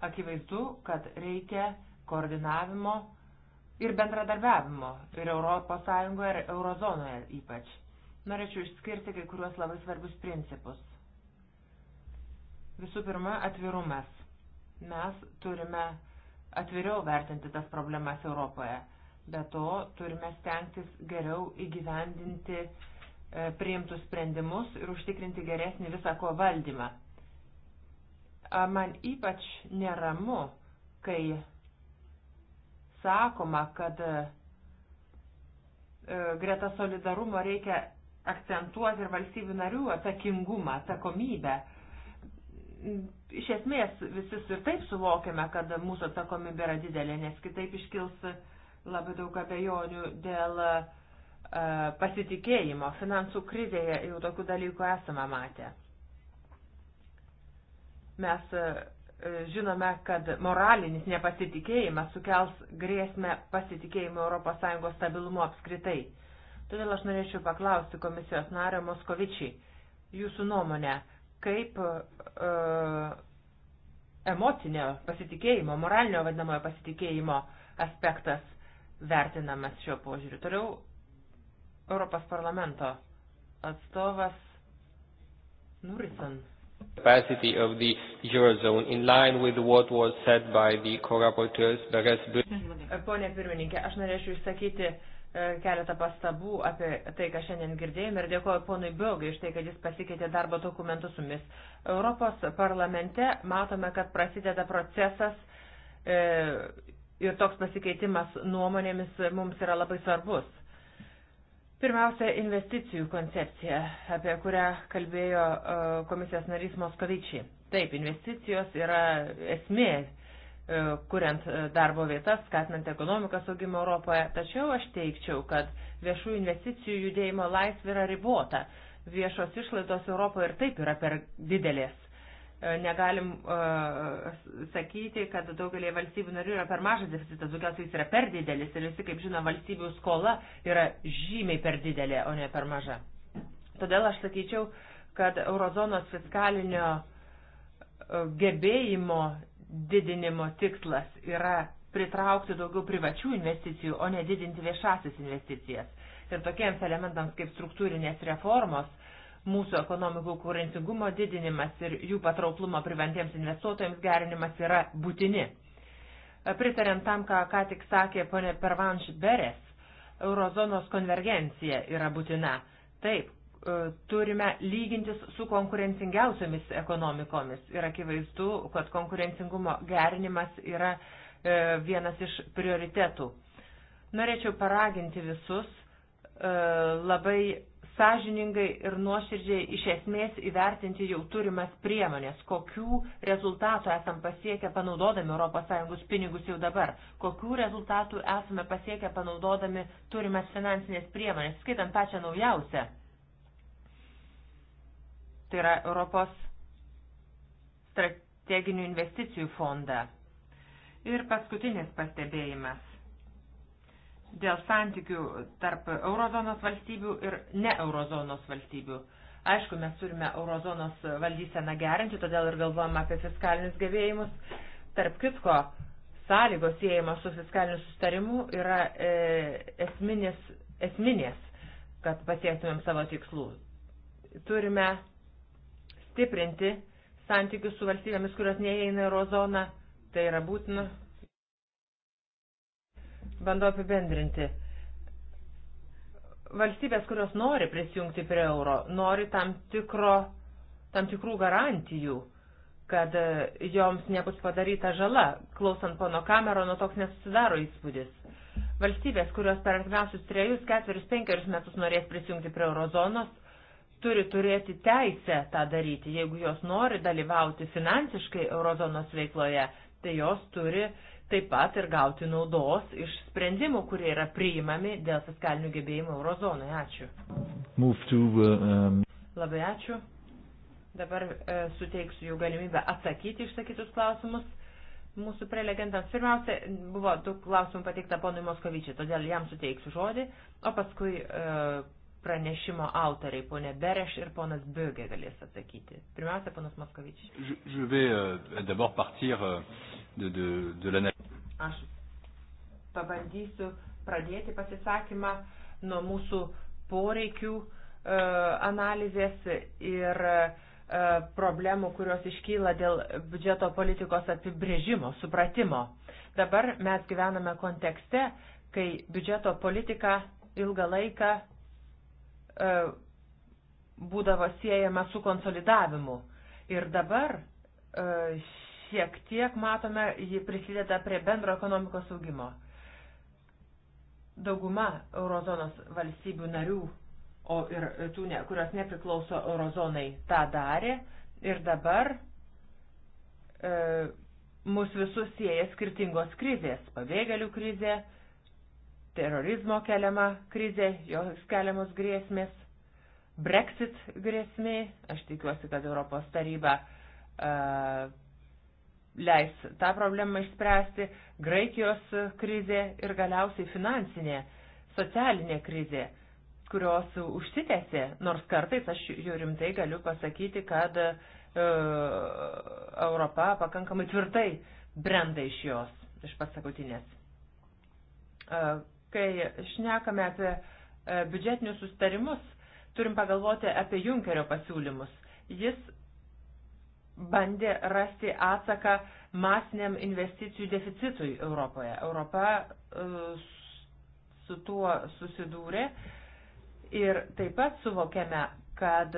Akivaizdu, kad reikia koordinavimo ir bendradarbiavimo ir ES ir Eurozonoje ypač. Norėčiau išskirti kai kuriuos labai svarbius principus. Visų pirma, atvirumas. Mes turime atviriau vertinti tas problemas Europoje. Be to, turime stengtis geriau įgyvendinti e, priimtus sprendimus ir užtikrinti geresnį visą ko valdymą. Man ypač neramu, kai sakoma, kad e, greta solidarumo reikia akcentuoti ir valstybių narių atsakingumą, atsakomybę. Iš esmės visi ir taip suvokiame, kad mūsų atsakomybė yra didelė, nes kitaip iškils labai daug abejonių dėl e, pasitikėjimo. Finansų krizėje jau tokių dalykų esame matę. Mes e, žinome, kad moralinis nepasitikėjimas sukels grėsmę pasitikėjimo ES stabilumo apskritai. Todėl aš norėčiau paklausti komisijos nario Moskovičiai, jūsų nuomonę, kaip e, emocinio pasitikėjimo, moralinio vadinamojo pasitikėjimo aspektas vertinamas šiuo požiūriu. Toliau Europos parlamento atstovas Nurison capacity of the Eurozone in line with what was said by the co-rapporteurs Beres Pone pirmininkė, aš norėčiau išsakyti e, keletą pastabų apie tai, ką šiandien girdėjome ir dėkoju ponui Biogai iš tai, kad jis pasikeitė darbo dokumentus su mumis. Europos parlamente matome, kad prasideda procesas e, ir toks pasikeitimas nuomonėmis mums yra labai svarbus Pirmiausia, investicijų koncepcija, apie kurią kalbėjo e, komisijos narys Moskovičiai. Taip, investicijos yra esmė, e, kuriant e, darbo vietas, skatinant ekonomikos augimą Europoje, tačiau aš teikčiau, kad viešų investicijų judėjimo laisvė yra ribota. Viešos išlaidos Europoje ir taip yra per didelės. E, negalim uh, sakyti, kad daugelį valstybių narių yra per mažas deficitas, daugiausiai jis yra per didelis ir visi, kaip žino, valstybių skola yra žymiai per didelė, o ne per maža. Todėl aš sakyčiau, kad eurozonos fiskalinio e, gebėjimo didinimo tikslas yra pritraukti daugiau privačių investicijų, o ne didinti viešasis investicijas. Ir tokiems elementams kaip struktūrinės reformos Mūsų ekonomikų kūrencingumo didinimas ir jų patrauklumo privantiems investuotojams gerinimas yra būtini. E, Pritariant tam, ką ką tik sakė ponė Pervanš Beres, eurozonos konvergencija yra būtina. Taip, e, turime lygintis su konkurencingiausiamis ekonomikomis. Ir akivaizdu, kad konkurencingumo gerinimas yra e, vienas iš prioritetų. Norėčiau paraginti visus labai sąžiningai ir nuoširdžiai iš esmės įvertinti jau turimas priemonės, kokių rezultatų esam pasiekę panaudodami ES pinigus jau dabar, kokių rezultatų esame pasiekę panaudodami turimas finansinės priemonės, skaitant pačią naujausią. Tai yra Europos strateginių investicijų fondą. Ir paskutinis pastebėjimas dėl santykių tarp eurozonos valstybių ir ne eurozonos valstybių. Aišku, mes turime eurozonos valdyseną gerinti, todėl ir galvojam apie fiskalinius gavėjimus. Tarp kitko, sąlygos siejamos su fiskaliniu sustarimu yra e, esminės, esminės, kad pasiektumėm savo tikslų. Turime stiprinti santykius su valstybėmis, kurios neįeina eurozoną, tai yra būtina Bandau apibendrinti. Valstybės, kurios nori prisijungti prie euro, nori tam, tikro, tam tikrų garantijų, kad e, joms nebus padaryta žala. Klausant pono Kamerono, toks nesusidaro įspūdis. Valstybės, kurios per artimiausius trejus, ketverius, penkerius metus norės prisijungti prie eurozonos, turi turėti teisę tą daryti. Jeigu jos nori dalyvauti finansiškai eurozonos veikloje, tai jos turi taip pat ir gauti naudos iš sprendimų, kurie yra priimami dėl fiskalinių gebėjimų eurozonoje. Ačiū. To, uh, um... Labai ačiū. Dabar uh, suteiksiu jų galimybę atsakyti išsakytus klausimus. Mūsų prelegentams pirmiausia buvo daug klausimų pateikta ponui Moskovičiai, todėl jam suteiksiu žodį, o paskui uh, pranešimo autoriai, ponė Bereš ir ponas Bögė galės atsakyti. Pirmiausia, ponas Moskovičius. Euh, euh, Aš pabandysiu pradėti pasisakymą nuo mūsų poreikių e, analizės ir e, problemų, kurios iškyla dėl biudžeto politikos apibrėžimo, supratimo. Dabar mes gyvename kontekste, kai biudžeto politika ilgą laiką E, būdavo siejama su konsolidavimu. Ir dabar e, šiek tiek matome, ji prisideda prie bendro ekonomikos augimo. Dauguma eurozonos valstybių narių, o ir tų, ne, kurios nepriklauso eurozonai, tą darė ir dabar e, mus visus sieja skirtingos krizės - pabėgėlių krizė, terorizmo keliama krizė, jos keliamos grėsmės, Brexit grėsmė. Aš tikiuosi, kad Europos taryba uh, leis tą problemą išspręsti, Graikijos krizė ir galiausiai finansinė, socialinė krizė, kurios užsitęsė, nors kartais aš jau rimtai galiu pasakyti, kad uh, Europa pakankamai tvirtai brenda iš jos, iš pasakutinės. Uh, e, kai šnekame apie e, biudžetinius sustarimus, turim pagalvoti apie Junkerio pasiūlymus. Jis bandė rasti atsaką masiniam investicijų deficitui Europoje. Europa e, su tuo susidūrė ir taip pat suvokiame, kad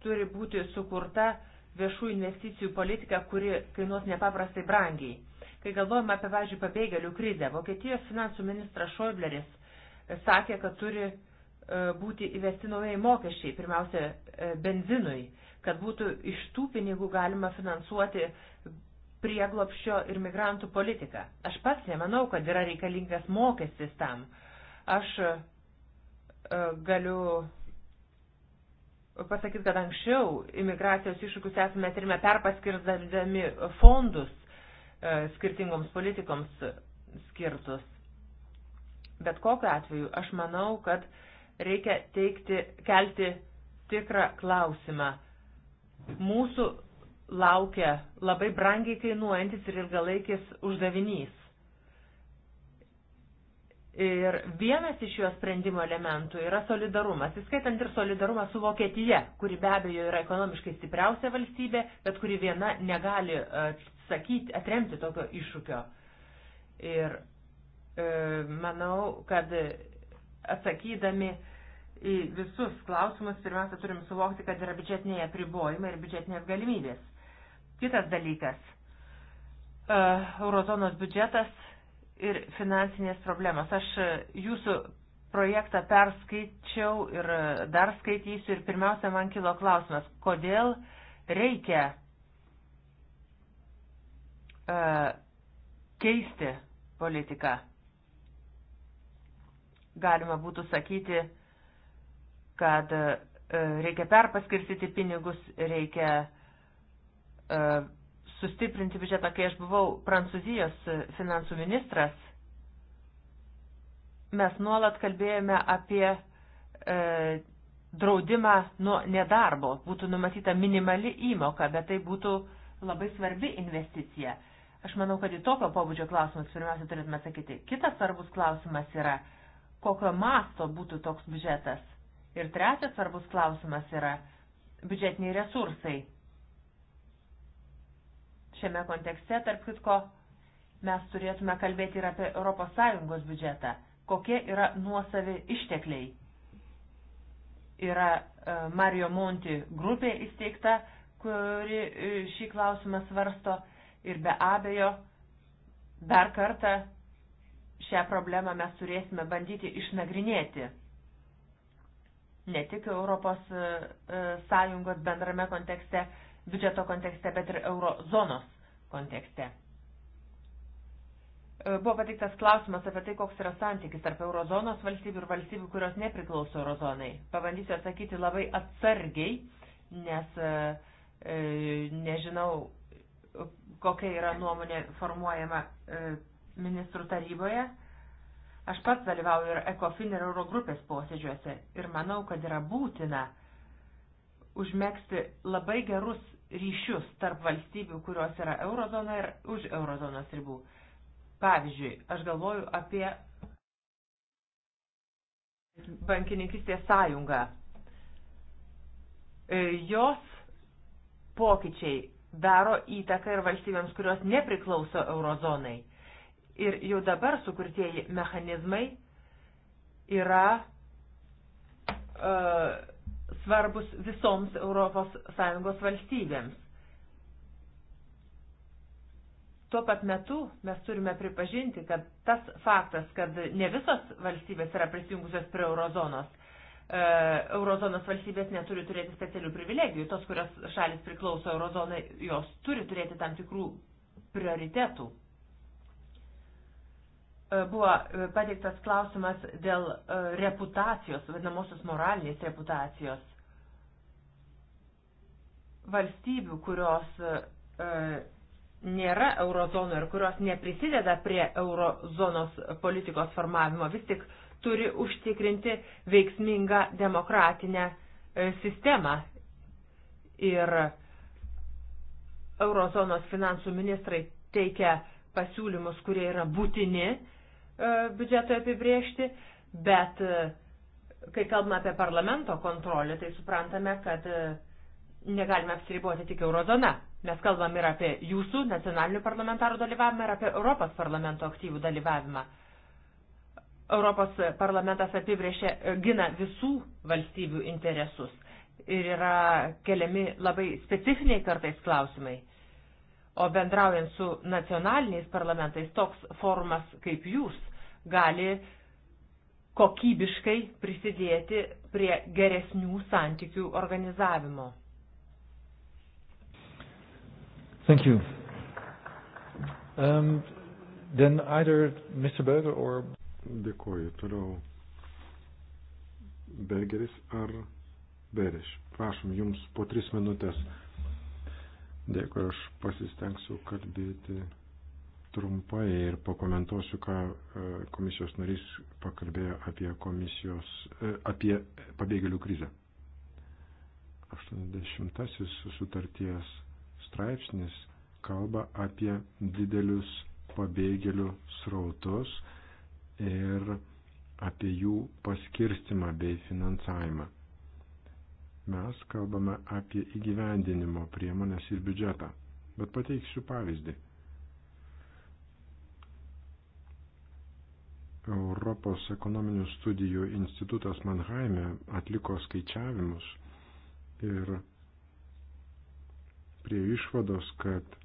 turi būti sukurta viešų investicijų politika, kuri kainuos nepaprastai brangiai. Kai galvojame apie, pavyzdžiui, pabėgėlių krizę, Vokietijos finansų ministras Šoibleris e, sakė, kad turi e, būti įvesti naujai mokesčiai, pirmiausia, e, benzinui, kad būtų iš tų pinigų galima finansuoti prieglopščio ir migrantų politiką. Aš pats nemanau, kad yra reikalingas mokestis tam. Aš galiu pasakyti, kad anksčiau imigracijos iššūkius esame atrime perpaskirdami fondus E, skirtingoms politikoms skirtus. Bet kokiu atveju aš manau, kad reikia teikti, kelti tikrą klausimą. Mūsų laukia labai brangiai kainuojantis ir ilgalaikis uždavinys. Ir vienas iš jo sprendimo elementų yra solidarumas, įskaitant ir solidarumą su Vokietija, kuri be abejo yra ekonomiškai stipriausia valstybė, bet kuri viena negali e, atsakyti, atremti tokio iššūkio. Ir e, manau, kad atsakydami į visus klausimus, pirmiausia, turim suvokti, kad yra biudžetiniai apribojimai ir biudžetinės galimybės. Kitas dalykas e, - eurozonos biudžetas ir finansinės problemas. Aš jūsų projektą perskaičiau ir dar skaitysiu ir pirmiausia, man kilo klausimas, kodėl reikia E, keisti politiką. Galima būtų sakyti, kad e, reikia perpaskirstyti pinigus, reikia e, sustiprinti biudžetą. Kai aš buvau Prancūzijos finansų ministras, mes nuolat kalbėjome apie draudimą nuo nedarbo. Būtų numatyta minimali įmoka, bet tai būtų labai svarbi investicija Aš manau, kad į tokio pobūdžio klausimus pirmiausia turėtume atsakyti. Kitas svarbus klausimas yra, kokio masto būtų toks biudžetas. Ir trečias svarbus klausimas yra biudžetiniai resursai. Šiame kontekste, tarp kitko, mes turėtume kalbėti ir apie ES biudžetą. Kokie yra nuosavi ištekliai? Yra e, Mario Monti grupė įsteigta, kuri e, šį klausimą svarsto Ir be abejo, dar kartą šią problemą mes turėsime bandyti išnagrinėti. Ne tik Europos e, e, Sąjungos bendrame kontekste, biudžeto kontekste, bet ir eurozonos kontekste. E, buvo pateiktas klausimas apie tai, koks yra santykis tarp eurozonos valstybių ir valstybių, kurios nepriklauso eurozonai. Pabandysiu atsakyti labai atsargiai, nes e, nežinau, kokia yra nuomonė formuojama e, ministrų taryboje. Aš pats dalyvauju ir ECOFIN ir Eurogrupės posėdžiuose ir manau, kad yra būtina užmėgsti labai gerus ryšius tarp valstybių, kurios yra eurozona ir už eurozonos ribų. Pavyzdžiui, aš galvoju apie bankininkistės sąjungą. E, jos pokyčiai daro įtaką ir valstybėms, kurios nepriklauso eurozonai. Ir jau dabar sukurtieji mechanizmai yra uh, svarbus visoms ES valstybėms. Tuo pat metu mes turime pripažinti, kad tas faktas, kad ne visos valstybės yra prisijungusios prie eurozonos, E, eurozonos valstybės neturi turėti specialių privilegijų. Tos, kurios šalis priklauso eurozonai, jos turi turėti tam tikrų prioritetų. E, buvo e, pateiktas klausimas dėl reputacijos, vadinamosios moralinės reputacijos valstybių, kurios nėra eurozono ir kurios neprisideda prie eurozonos politikos formavimo, vis tik uh, turi užtikrinti veiksmingą demokratinę e, sistemą. Ir Eurozonos finansų ministrai teikia pasiūlymus, kurie yra būtini e, biudžetui apibriežti, bet e, kai kalbame apie parlamento kontrolę, tai suprantame, kad negalime apsiriboti tik eurozona. Mes kalbam ir apie jūsų nacionalinių parlamentarų dalyvavimą, ir apie Europos parlamento aktyvų dalyvavimą. Europos parlamentas apibrėžė, e, gina visų valstybių interesus ir yra keliami labai specifiniai kartais klausimai. O bendraujant su nacionaliniais parlamentais, toks formas kaip jūs gali kokybiškai prisidėti prie geresnių santykių organizavimo. Thank you. Um, then either Mr. Berger or Dėkuoju. Toliau Bergeris ar Bereš. Prašom, jums po tris minutės. Dėkui, aš pasistengsiu kalbėti trumpai ir pakomentuosiu, ką e, komisijos narys pakalbėjo apie, komisijos, e, apie pabėgėlių krizę. 80 sutarties straipsnis kalba apie didelius pabėgėlių srautus ir apie jų paskirstimą bei finansavimą. Mes kalbame apie įgyvendinimo priemonės ir biudžetą, bet pateiksiu pavyzdį. Europos ekonominių studijų institutas Mannheime atliko skaičiavimus ir prie išvados, kad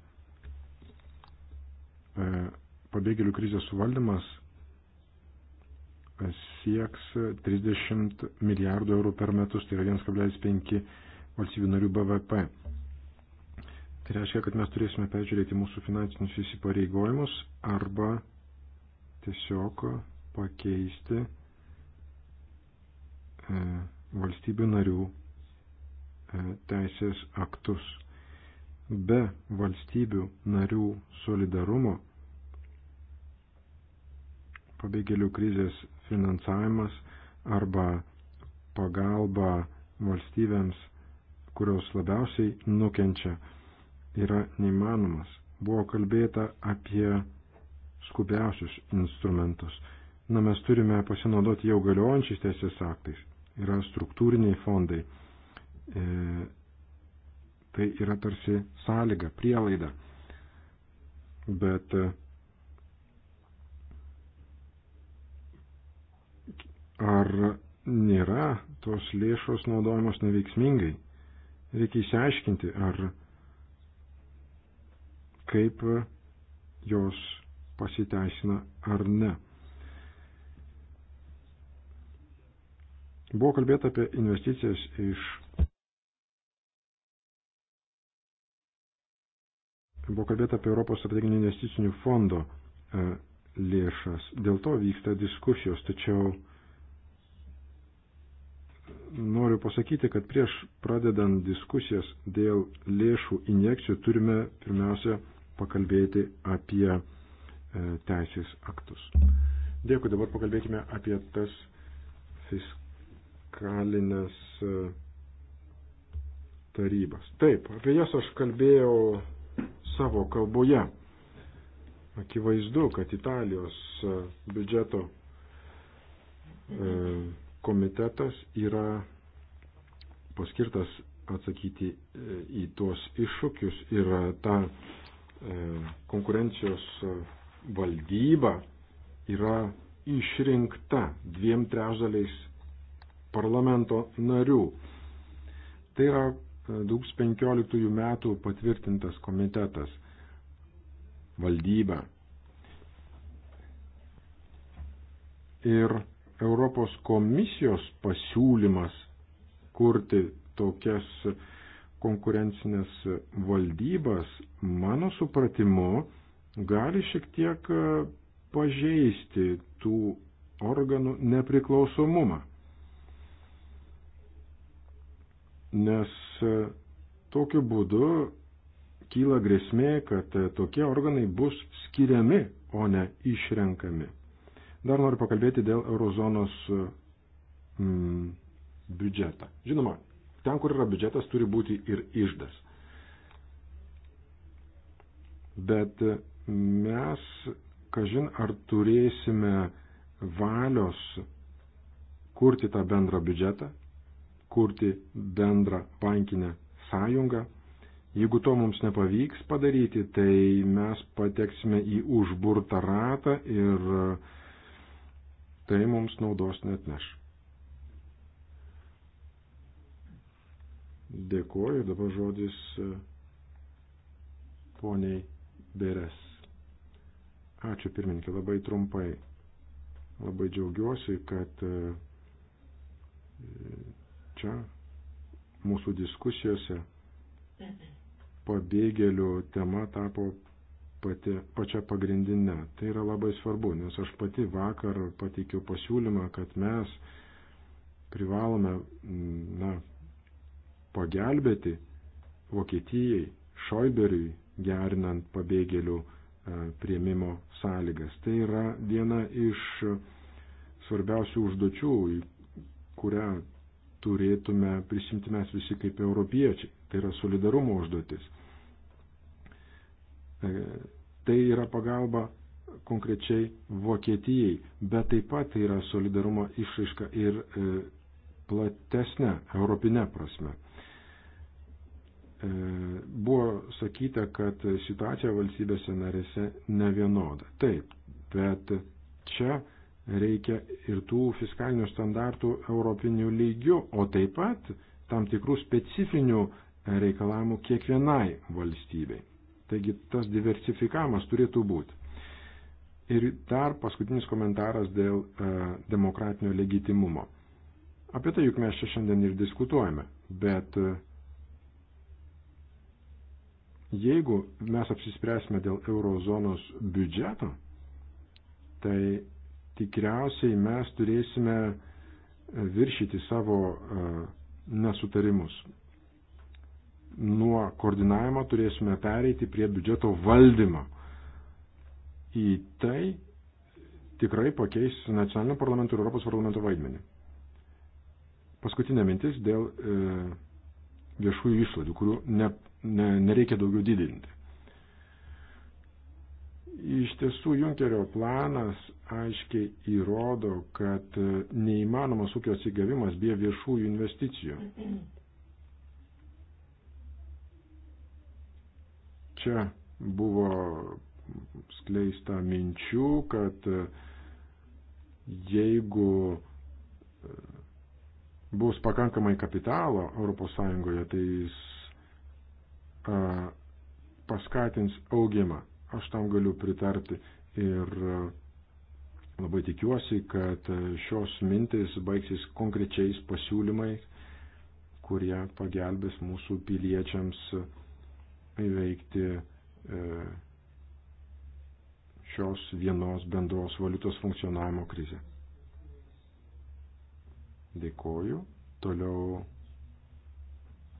e, pabėgėlių krizės suvaldymas sieks 30 milijardų eurų per metus, tai yra 1,5 valstybių narių BVP. Tai reiškia, kad mes turėsime peržiūrėti mūsų finansinius įsipareigojimus arba tiesiog pakeisti e, valstybių narių e, teisės aktus. Be valstybių narių solidarumo pabėgėlių krizės finansavimas arba pagalba valstybėms, kurios labiausiai nukenčia, yra neįmanomas. Buvo kalbėta apie skubiausius instrumentus. Na, mes turime pasinaudoti jau galiojančiais teisės aktais. Yra struktūriniai fondai. E, tai yra tarsi sąlyga, prielaida. Bet e, ar nėra tos lėšos naudojamos neveiksmingai. Reikia įsiaiškinti, ar kaip jos pasiteisina ar ne. Buvo kalbėta apie investicijas iš. Buvo kalbėta apie Europos strateginį investicinių fondo e, lėšas. Dėl to vyksta diskusijos, tačiau noriu pasakyti, kad prieš pradedant diskusijas dėl lėšų injekcijų turime pirmiausia pakalbėti apie e, teisės aktus. Dėkui, dabar pakalbėkime apie tas fiskalinės e, tarybas. Taip, apie jas aš kalbėjau savo kalboje. Akivaizdu, kad Italijos e, biudžeto e, komitetas yra paskirtas atsakyti e, į tuos iššūkius ir ta e, konkurencijos e, valdyba yra išrinkta dviem trešdaliais parlamento narių. Tai yra 2015 metų patvirtintas komitetas valdyba. Ir Europos komisijos pasiūlymas kurti tokias konkurencinės valdybas, mano supratimu, gali šiek tiek e, pažeisti tų organų nepriklausomumą. Nes e, tokiu būdu kyla grėsmė, kad e, tokie organai bus skiriami, o ne išrenkami. Dar noriu pakalbėti dėl eurozonos mm, biudžetą. Žinoma, ten, kur yra biudžetas, turi būti ir išdas. Bet mes, kažin, ar turėsime valios kurti tą bendrą biudžetą, kurti bendrą bankinę sąjungą. Jeigu to mums nepavyks padaryti, tai mes pateksime į užburtą ratą ir uh, tai mums naudos net neš. Dėkuoju, dabar žodis e, poniai Beres. Ačiū pirmininkė, labai trumpai. Labai džiaugiuosi, kad e, čia mūsų diskusijose pabėgėlių tema tapo pati, pačia pagrindinė. Tai yra labai svarbu, nes aš pati vakar pateikiau pasiūlymą, kad mes privalome na, pagelbėti Vokietijai, Šoiberiui, gerinant pabėgėlių e, prieimimo sąlygas. Tai yra viena iš svarbiausių užduočių, kurią turėtume prisimti mes visi kaip europiečiai. Tai yra solidarumo užduotis. E, tai yra pagalba konkrečiai Vokietijai, bet taip pat tai yra solidarumo išraiška ir e, platesnė europinė prasme. E, buvo sakyta, kad situacija valstybėse narėse nevienoda. Taip, bet čia reikia ir tų fiskalinių standartų europinių lygių, o taip pat tam tikrų specifinių reikalavimų kiekvienai valstybei. Taigi tas diversifikavimas turėtų būti. Ir dar paskutinis komentaras dėl e, demokratinio legitimumo. Apie tai juk mes čia šiandien ir diskutuojame, bet e, jeigu mes apsispręsime dėl eurozonos biudžeto, tai tikriausiai mes turėsime viršyti savo e, nesutarimus nuo koordinavimo turėsime pereiti prie biudžeto valdymo. Į tai tikrai pakeis nacionalinio parlamento ir Europos parlamento vaidmenį. Paskutinė mintis dėl e, viešųjų išlaidų, kurių ne, ne, nereikia daugiau didinti. Iš tiesų, Junkerio planas aiškiai įrodo, kad e, neįmanomas ūkio atsigavimas bie viešųjų investicijų. Čia buvo skleista minčių, kad jeigu e, bus pakankamai kapitalo ES, tai jis a, e, paskatins augimą. Aš tam galiu pritarti ir e, labai tikiuosi, kad šios mintis baigsis konkrečiais pasiūlymais, kurie pagelbės mūsų piliečiams įveikti e, šios vienos bendros valiutos funkcionavimo krizę. Dėkoju. Toliau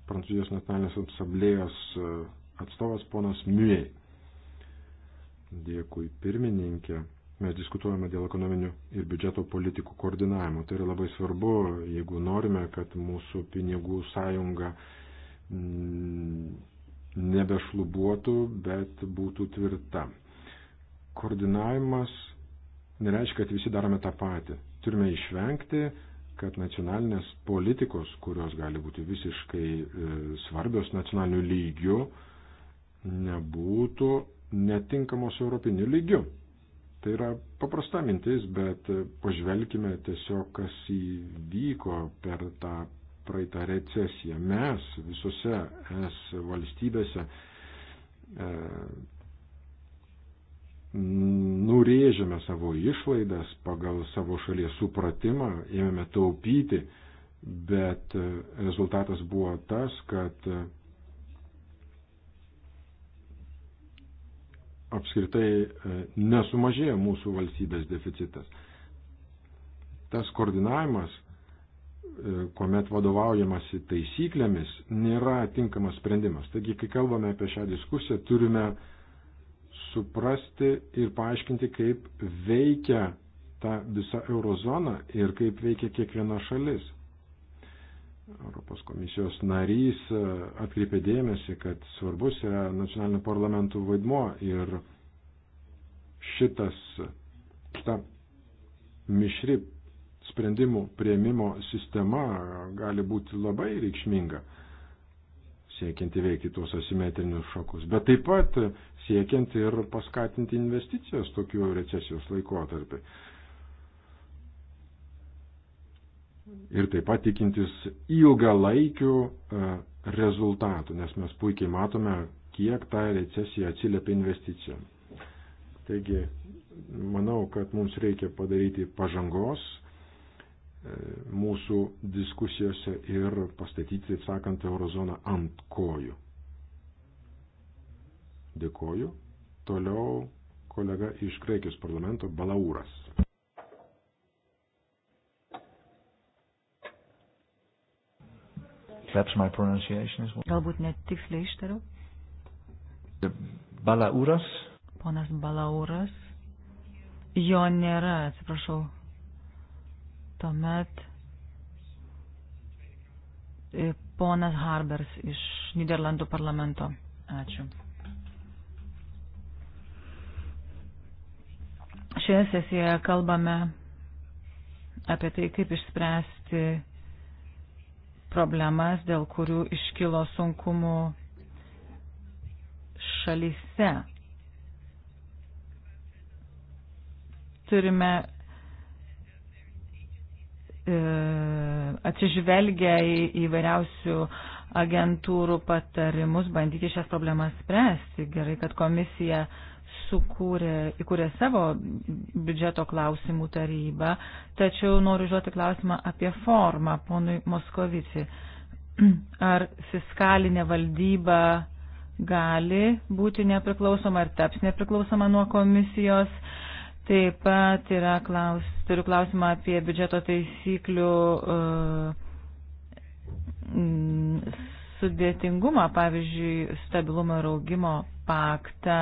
Prancūzijos nacionalinės asamblėjos e, atstovas ponas Miei. Dėkui pirmininkė. Mes diskutuojame dėl ekonominių ir biudžeto politikų koordinavimo. Tai yra labai svarbu, jeigu norime, kad mūsų pinigų sąjunga nebešlubuotų, bet būtų tvirta. Koordinavimas nereiškia, kad visi darome tą patį. Turime išvengti, kad nacionalinės politikos, kurios gali būti visiškai e, svarbios nacionaliniu lygiu, nebūtų netinkamos europiniu lygiu. Tai yra paprasta mintis, bet e, pažvelkime tiesiog, kas įvyko per tą praeitą recesiją. Mes visose es valstybėse e, nurėžėme savo išlaidas pagal savo šalies supratimą, ėmėme taupyti, bet e, rezultatas buvo tas, kad e, apskritai e, nesumažėjo mūsų valstybės deficitas. Tas koordinavimas E, kuomet vadovaujamasi taisyklėmis, nėra tinkamas sprendimas. Taigi, kai kalbame apie šią diskusiją, turime suprasti ir paaiškinti, kaip veikia ta visa eurozona ir kaip veikia kiekviena šalis. Europos komisijos narys e, atkreipė dėmesį, kad svarbus yra nacionalinių parlamentų vaidmo ir šitas, šita mišri sprendimų prieimimo sistema gali būti labai reikšminga, siekiant įveikti tuos asimetrinius šokus, bet taip pat siekiant ir paskatinti investicijas tokiu recesijos laikotarpiu. Ir taip pat tikintis ilgalaikių e, rezultatų, nes mes puikiai matome, kiek ta recesija atsiliepia investicijom. Taigi, manau, kad mums reikia padaryti pažangos, E, mūsų diskusijose ir pastatyti, taip sakant, eurozoną ant kojų. Dėkoju. Toliau kolega iš Graikijos parlamento Balauras. Galbūt netiksliai ištariau. Balauras. Ponas Balauras. Jo nėra, atsiprašau. Tuomet e, ponas Harbers iš Niderlandų parlamento. Ačiū. Šioje sesijoje kalbame apie tai, kaip išspręsti problemas, dėl kurių iškilo sunkumų šalyse. Turime E, atsižvelgia į įvairiausių agentūrų patarimus bandyti šias problemas spręsti. Gerai, kad komisija sukūrė, įkūrė savo biudžeto klausimų tarybą, tačiau noriu žuoti klausimą apie formą ponui Moskovici. Ar fiskalinė valdyba gali būti nepriklausoma ir taps nepriklausoma nuo komisijos? Taip pat yra klaus, turiu klausimą apie biudžeto taisyklių uh, sudėtingumą, pavyzdžiui, stabilumo ir augimo paktą.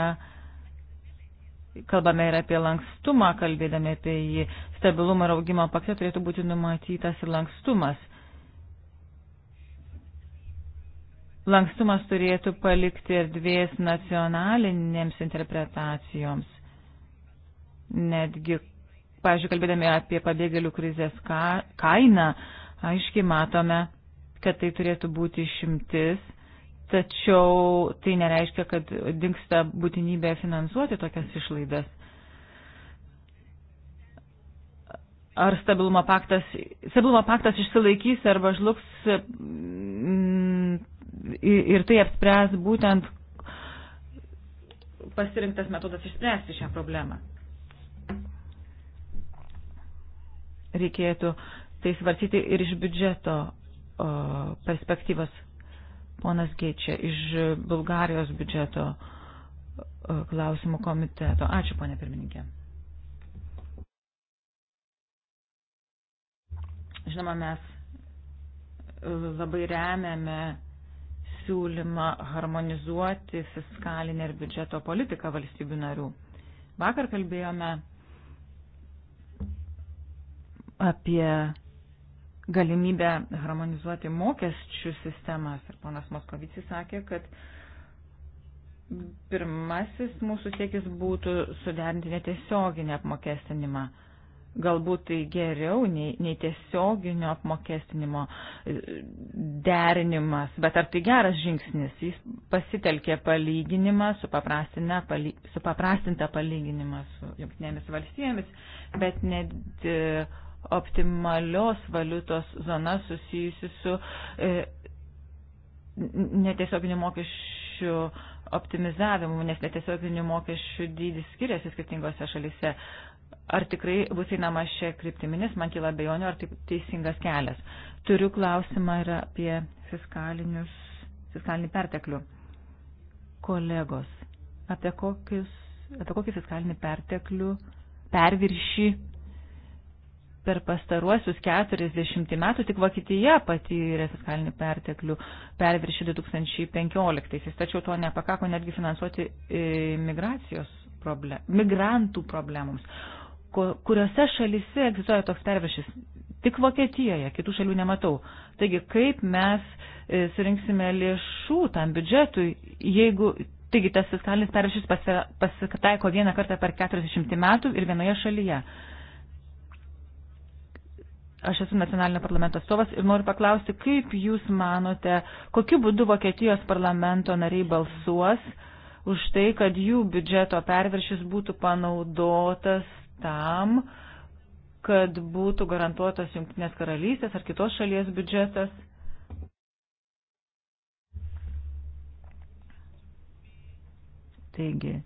Kalbame ir apie lankstumą, kalbėdami apie jį. Stabilumo ir augimo pakte turėtų būti numatytas ir lankstumas. Lankstumas turėtų palikti erdvės nacionalinėms interpretacijoms netgi, pažiūrėjau, kalbėdami apie pabėgėlių krizės kainą, aiškiai matome, kad tai turėtų būti išimtis, tačiau tai nereiškia, kad dinksta būtinybė finansuoti tokias išlaidas. Ar stabilumo paktas, stabilumo paktas išsilaikys arba žlugs mm, ir tai apspręs būtent pasirinktas metodas išspręsti šią problemą. reikėtų tai svarstyti ir iš biudžeto perspektyvos. Ponas Geičia iš Bulgarijos biudžeto klausimų komiteto. Ačiū, ponė pirmininkė. Žinoma, mes labai remiame siūlymą harmonizuoti fiskalinę ir biudžeto politiką valstybių narių. Vakar kalbėjome apie galimybę harmonizuoti mokesčių sistemas. Ir ponas Moskovicis sakė, kad pirmasis mūsų siekis būtų suderinti netiesioginį apmokestinimą. Galbūt tai geriau nei, nei tiesioginio apmokestinimo e, derinimas, bet ar tai geras žingsnis? Jis pasitelkė palyginimą, supaprastinta, paly, supaprastinta palyginimą su jungtinėmis valstybėmis, bet net. Uh, optimalios valiutos zona susijusi su e, netiesioginių mokesčių optimizavimu, nes netiesioginių mokesčių dydis skiriasi skirtingose šalise. Ar tikrai bus einama šia kryptiminis, man kyla bejonių, ar tai teisingas kelias. Turiu klausimą ir apie fiskalinį perteklių. Kolegos, apie, kokius, apie kokį fiskalinį perteklių perviršį per pastaruosius 40 metų tik Vokietija patyrė fiskalinį perteklių perviršį 2015-aisiais, tačiau to nepakako netgi finansuoti e, migracijos problem, migrantų problemams. Kuriuose šalise egzistuoja toks perviršis? Tik Vokietijoje, kitų šalių nematau. Taigi, kaip mes e, surinksime lėšų tam biudžetui, jeigu Taigi tas fiskalinis perviršis pasitaiko vieną kartą per 40 metų ir vienoje šalyje. Aš esu nacionalinio parlamento atstovas ir noriu paklausti, kaip Jūs manote, kokiu būdu Vokietijos parlamento nariai balsuos už tai, kad jų biudžeto perviršis būtų panaudotas tam, kad būtų garantuotas Junktinės karalystės ar kitos šalies biudžetas? Taigi,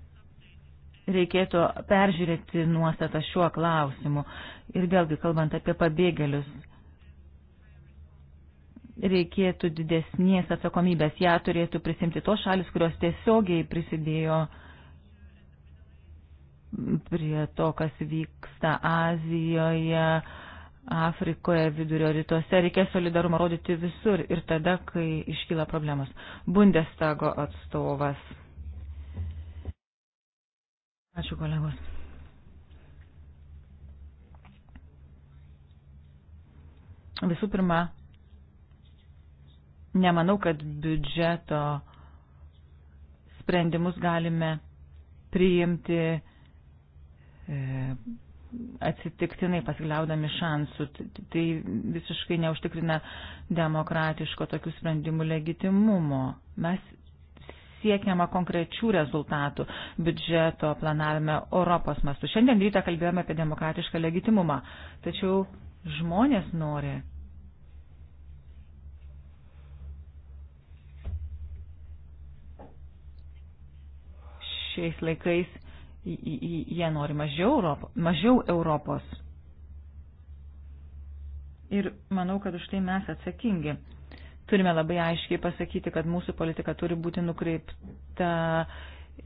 reikėtų peržiūrėti nuostatą šiuo klausimu. Ir vėlgi, kalbant apie pabėgėlius, reikėtų didesnės atsakomybės. Ja turėtų prisimti tos šalis, kurios tiesiogiai prisidėjo prie to, kas vyksta Azijoje, Afrikoje, Vidurio rytuose. Reikia solidarumą rodyti visur ir tada, kai iškyla problemos. Bundestago atstovas. Ačiū kolegos. Visų pirma, nemanau, kad biudžeto sprendimus galime priimti e, atsitiktinai pasikliaudami šansų. Tai visiškai neužtikrina demokratiško tokių sprendimų legitimumo. Mes siekiama konkrečių rezultatų biudžeto planavime Europos mastu. Šiandien ryte kalbėjome apie demokratišką legitimumą, tačiau žmonės nori. Šiais laikais jie nori mažiau, Europo, mažiau Europos. Ir manau, kad už tai mes atsakingi turime labai aiškiai pasakyti, kad mūsų politika turi būti nukreipta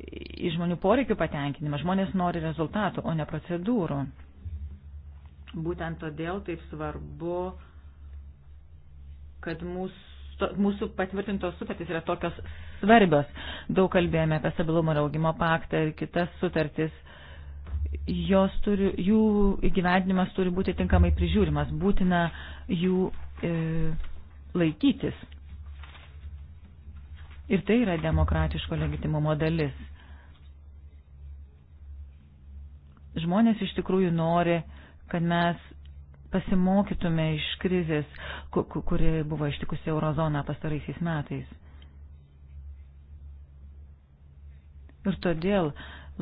į žmonių poreikių patenkinimą. Žmonės nori rezultatų, o ne procedūrų. Būtent todėl taip svarbu, kad mūsų, mūsų patvirtintos sutartys yra tokios svarbios. Daug kalbėjome apie stabilumo ir augimo paktą ir kitas sutartys jos turi, jų įgyvendinimas turi būti tinkamai prižiūrimas, būtina jų e, laikytis. Ir tai yra demokratiško legitimumo dalis. Žmonės iš tikrųjų nori, kad mes pasimokytume iš krizės, kuri buvo ištikusi eurozoną pastaraisiais metais. Ir todėl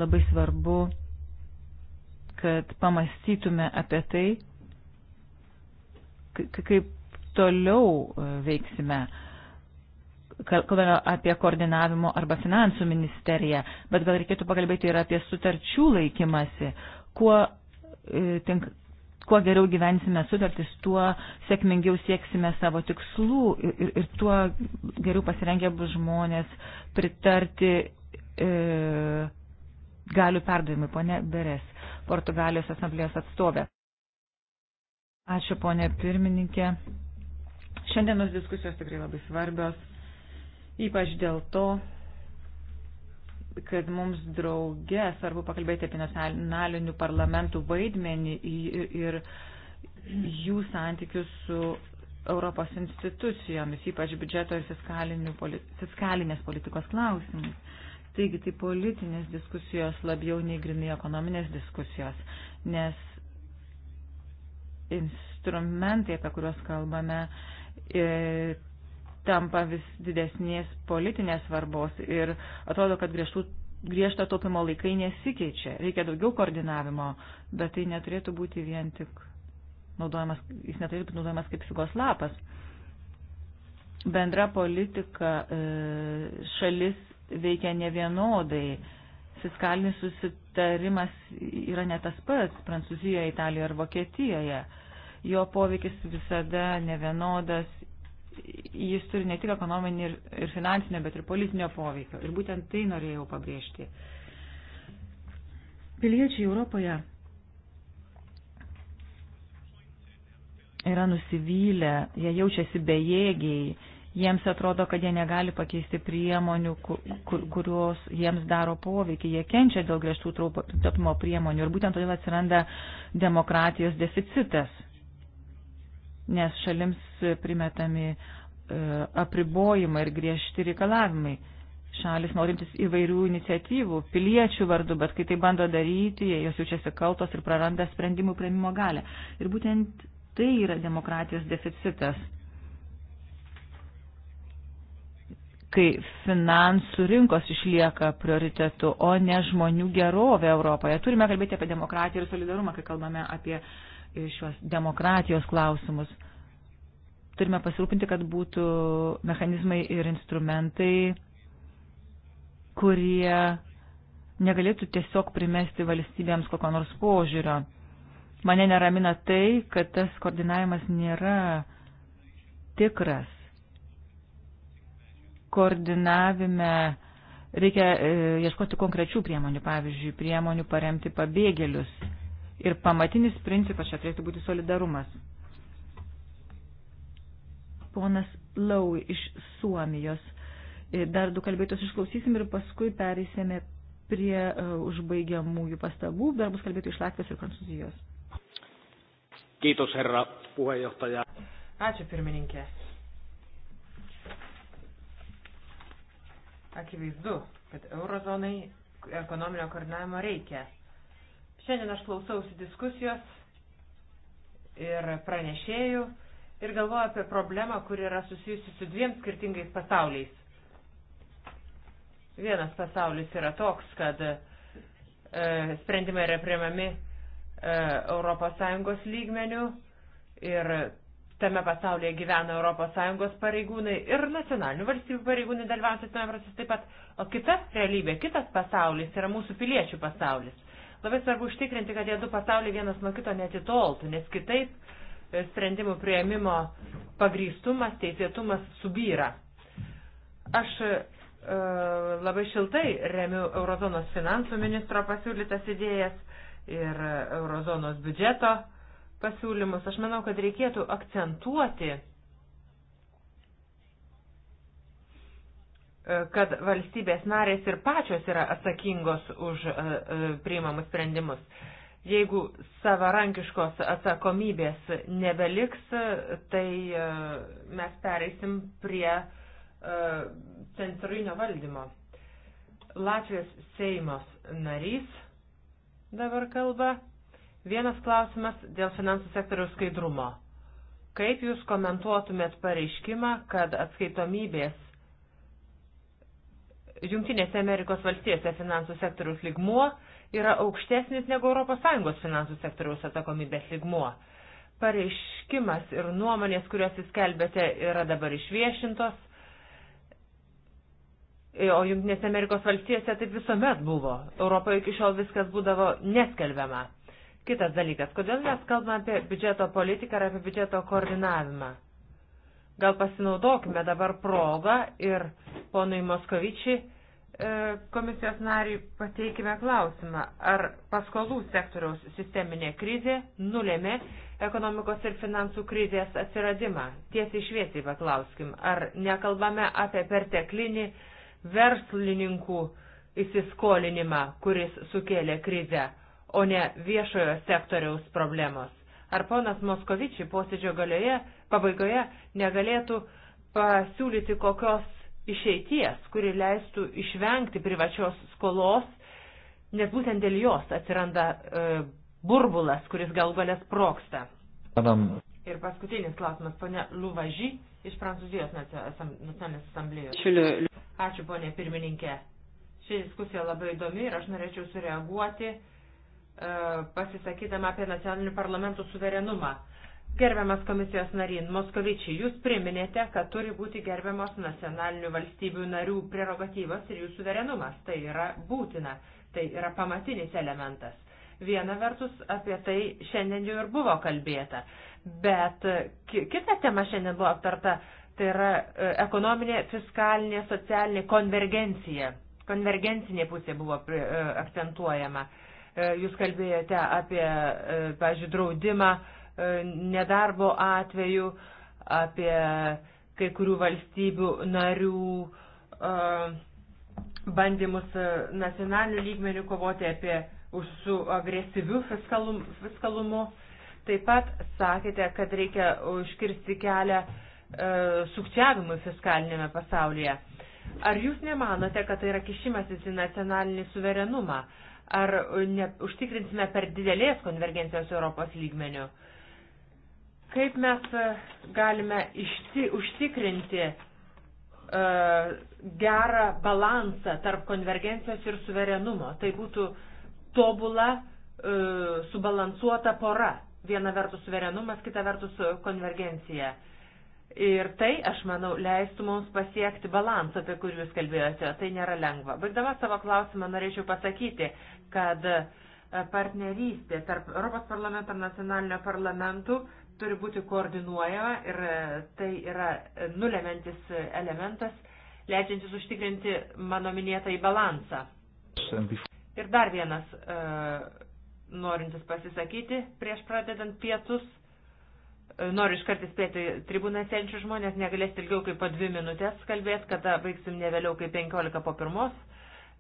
labai svarbu, kad pamastytume apie tai, kaip toliau e, veiksime. Kalbame apie koordinavimo arba finansų ministeriją, bet gal reikėtų pakalbėti ir apie sutarčių laikymasi. Kuo, e, tink, kuo geriau gyvensime sutartis, tuo sėkmingiau sieksime savo tikslų ir, ir, ir tuo geriau pasirengę bus žmonės pritarti e, galių perdavimui. Pone Beres, Portugalijos asamblėjos atstovė. Ačiū, ponė pirmininkė. Šiandienos diskusijos tikrai labai svarbios, ypač dėl to, kad mums drauge svarbu pakalbėti apie nacionalinių parlamentų vaidmenį ir, ir jų santykius su Europos institucijomis, ypač biudžeto ir fiskalinės politikos klausimais. Taigi tai politinės diskusijos labiau nei grinai ekonominės diskusijos, nes instrumentai, apie kuriuos kalbame, uh, E, tampa vis didesnės politinės svarbos ir atrodo, kad griežtų, griežto taupimo laikai nesikeičia. Reikia daugiau koordinavimo, bet tai neturėtų būti vien tik naudojamas, jis neturėtų būti naudojamas kaip figos lapas. Bendra politika e, šalis veikia nevienodai. Fiskalinis susitarimas yra ne tas pats Prancūzijoje, Italijoje ar Vokietijoje jo poveikis visada nevienodas, jis turi ne tik ekonominį ir, ir finansinio, bet ir politinio poveikio. Ir būtent tai norėjau pabrėžti. Piliečiai Europoje yra nusivylę, jie jaučiasi bejėgiai, jiems atrodo, kad jie negali pakeisti priemonių, kur, kurios jiems daro poveikį, jie kenčia dėl griežtų taupimo priemonių ir būtent todėl atsiranda demokratijos deficitas nes šalims primetami e, apribojimai ir griežti reikalavimai. Šalis norintis įvairių iniciatyvų, piliečių vardu, bet kai tai bando daryti, jos jaučiasi kaltos ir praranda sprendimų prieimimo galę. Ir būtent tai yra demokratijos deficitas. kai finansų rinkos išlieka prioritetu, o ne žmonių gerovė Europoje. Turime kalbėti apie demokratiją ir solidarumą, kai kalbame apie šios demokratijos klausimus. Turime pasirūpinti, kad būtų mechanizmai ir instrumentai, kurie negalėtų tiesiog primesti valstybėms kokio nors požiūrio. Mane neramina tai, kad tas koordinavimas nėra tikras. Koordinavime reikia e, ieškoti konkrečių priemonių, pavyzdžiui, priemonių paremti pabėgėlius Ir pamatinis principas čia turėtų būti solidarumas. Ponas Lau iš Suomijos. E, dar du kalbėtus išklausysim ir paskui pereisime prie uh, užbaigiamųjų pastabų. Dar bus kalbėtų iš Latvijos ir Prancūzijos. Kiitos, herra puheenjohtaja. Ačiū, pirmininkė. Akivaizdu, kad eurozonai ekonominio koordinavimo reikia Šiandien aš klausausi diskusijos ir pranešėjų ir galvoju apie problemą, kuri yra susijusi su dviem skirtingais pasauliais. Vienas pasaulis yra toks, kad e, sprendimai yra priemami e, ES lygmenių ir tame pasaulyje gyvena ES pareigūnai ir nacionalinių valstybių pareigūnai dalyvauja tame procese taip pat, o kita realybė, kitas pasaulis yra mūsų piliečių pasaulis. Labai svarbu užtikrinti, kad tie du pasauliai vienas nuo kito netitoltų, nes kitaip e, sprendimų prieimimo pagrystumas, teisėtumas subyra. Aš e, labai šiltai remiu Eurozonos finansų ministro pasiūlytas idėjas ir e, Eurozonos biudžeto pasiūlymus. Aš manau, kad reikėtų akcentuoti E, kad valstybės narės ir pačios yra atsakingos už e, e, priimamus sprendimus. Jeigu savarankiškos atsakomybės nebeliks, tai mes pereisim prie centrinio valdymo. Latvijos Seimos narys dabar kalba. Vienas klausimas dėl finansų sektoriaus skaidrumo. Kaip Jūs komentuotumėt pareiškimą, kad atskaitomybės Junktinėse Amerikos valstijose finansų sektoriaus ligmuo yra aukštesnis negu ES finansų sektoriaus atsakomybės ligmuo. Pareiškimas ir nuomonės, kuriuos jūs kelbėte, yra dabar išviešintos, e, o Junktinėse Amerikos valstijose taip visuomet buvo. Europoje iki šiol viskas būdavo neskelbiama. Kitas dalykas, kodėl mes kalbame apie biudžeto politiką ir apie biudžeto koordinavimą? Gal pasinaudokime dabar progą ir ponui Moskovičiai e, komisijos nariui pateikime klausimą, ar paskolų sektoriaus sisteminė krizė nulėmė ekonomikos ir finansų krizės atsiradimą. Tiesiai šviesiai paklauskim, ar nekalbame apie perteklinį verslininkų įsiskolinimą, kuris sukėlė krizę, o ne viešojo sektoriaus problemos. Ar ponas Moskovičiai posėdžio galioje, pabaigoje negalėtų pasiūlyti kokios išeities, kuri leistų išvengti privačios skolos, nes būtent dėl jos atsiranda e, burbulas, kuris gal galės proksta. Adam. Ir paskutinis klausimas, ponė Luvaži iš Prancūzijos nacionalinės asamblėjos. Ačiū, ponė pirmininkė. Ši diskusija labai įdomi ir aš norėčiau sureaguoti E, pasisakydama apie nacionalinių parlamentų suverenumą. Gerbiamas komisijos narin Moskovičiai, jūs priminėte, kad turi būti gerbiamos nacionalinių valstybių narių prerogatyvas ir jų suverenumas. Tai yra būtina, tai yra pamatinis elementas. Viena vertus, apie tai šiandien jau ir buvo kalbėta, bet kita tema šiandien buvo aptarta, tai yra e, ekonominė, fiskalinė, socialinė konvergencija. Konvergencinė pusė buvo e, akcentuojama. Uh, E, jūs kalbėjote apie, e, pažiūrėjau, draudimą e, nedarbo atveju, apie kai kurių valstybių narių bandymus nacionalinių lygmenių kovoti apie už su agresyviu fiskalum, fiskalumu. Taip pat sakėte, kad reikia užkirsti kelią e, sukčiavimui fiskalinėme pasaulyje. Ar jūs nemanote, kad tai yra kišimasis į nacionalinį suverenumą? E, ar ne, užtikrinsime per didelės konvergencijos Europos lygmenių. Kaip mes e, galime išti, užtikrinti uh, gerą balansą tarp konvergencijos ir suverenumo. Tai būtų tobula, uh, subalansuota pora. Viena vertus suverenumas, kita vertus konvergencija. Ir tai, aš manau, leistų mums pasiekti balansą, apie kurį jūs kalbėjote. Tai nėra lengva. Baigdama savo klausimą, norėčiau pasakyti, kad e, partnerystė tarp Europos parlamento ir nacionalinio parlamentų turi būti koordinuojama ir e, tai yra e, nulemantis elementas, leidžiantis užtikrinti mano minėtą į balansą. Ir dar vienas e, norintis pasisakyti prieš pradedant pietus. E, noriu iškart įspėti tribūną senčių žmonės, negalės ilgiau kaip po dvi minutės kalbėti, kada baigsim ne vėliau kaip penkiolika po pirmos.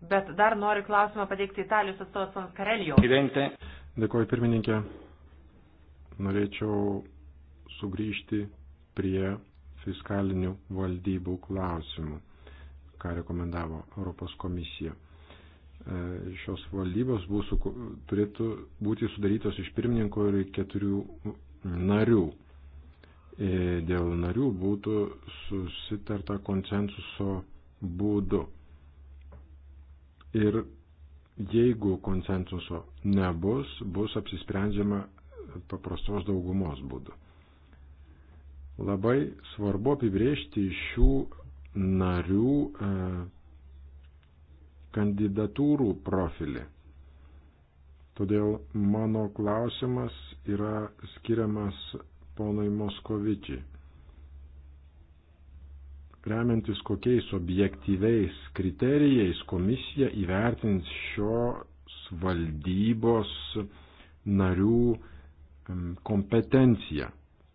Bet dar noriu klausimą pateikti Italijos atstovas Sankarelijo. Dėkuoju pirmininkė. Norėčiau sugrįžti prie fiskalinių valdybų klausimų, ką rekomendavo Europos komisija. E, šios valdybos būsų, turėtų būti sudarytos iš pirmininko ir keturių narių. E, dėl narių būtų susitarta konsensuso būdu. Ir jeigu konsensuso nebus, bus apsisprendžiama paprastos daugumos būdu. Labai svarbu apibriežti šių narių e, kandidatūrų profilį. Todėl mano klausimas yra skiriamas ponui Moskovičiai remiantis kokiais objektyviais kriterijais komisija įvertins šios valdybos narių kompetenciją.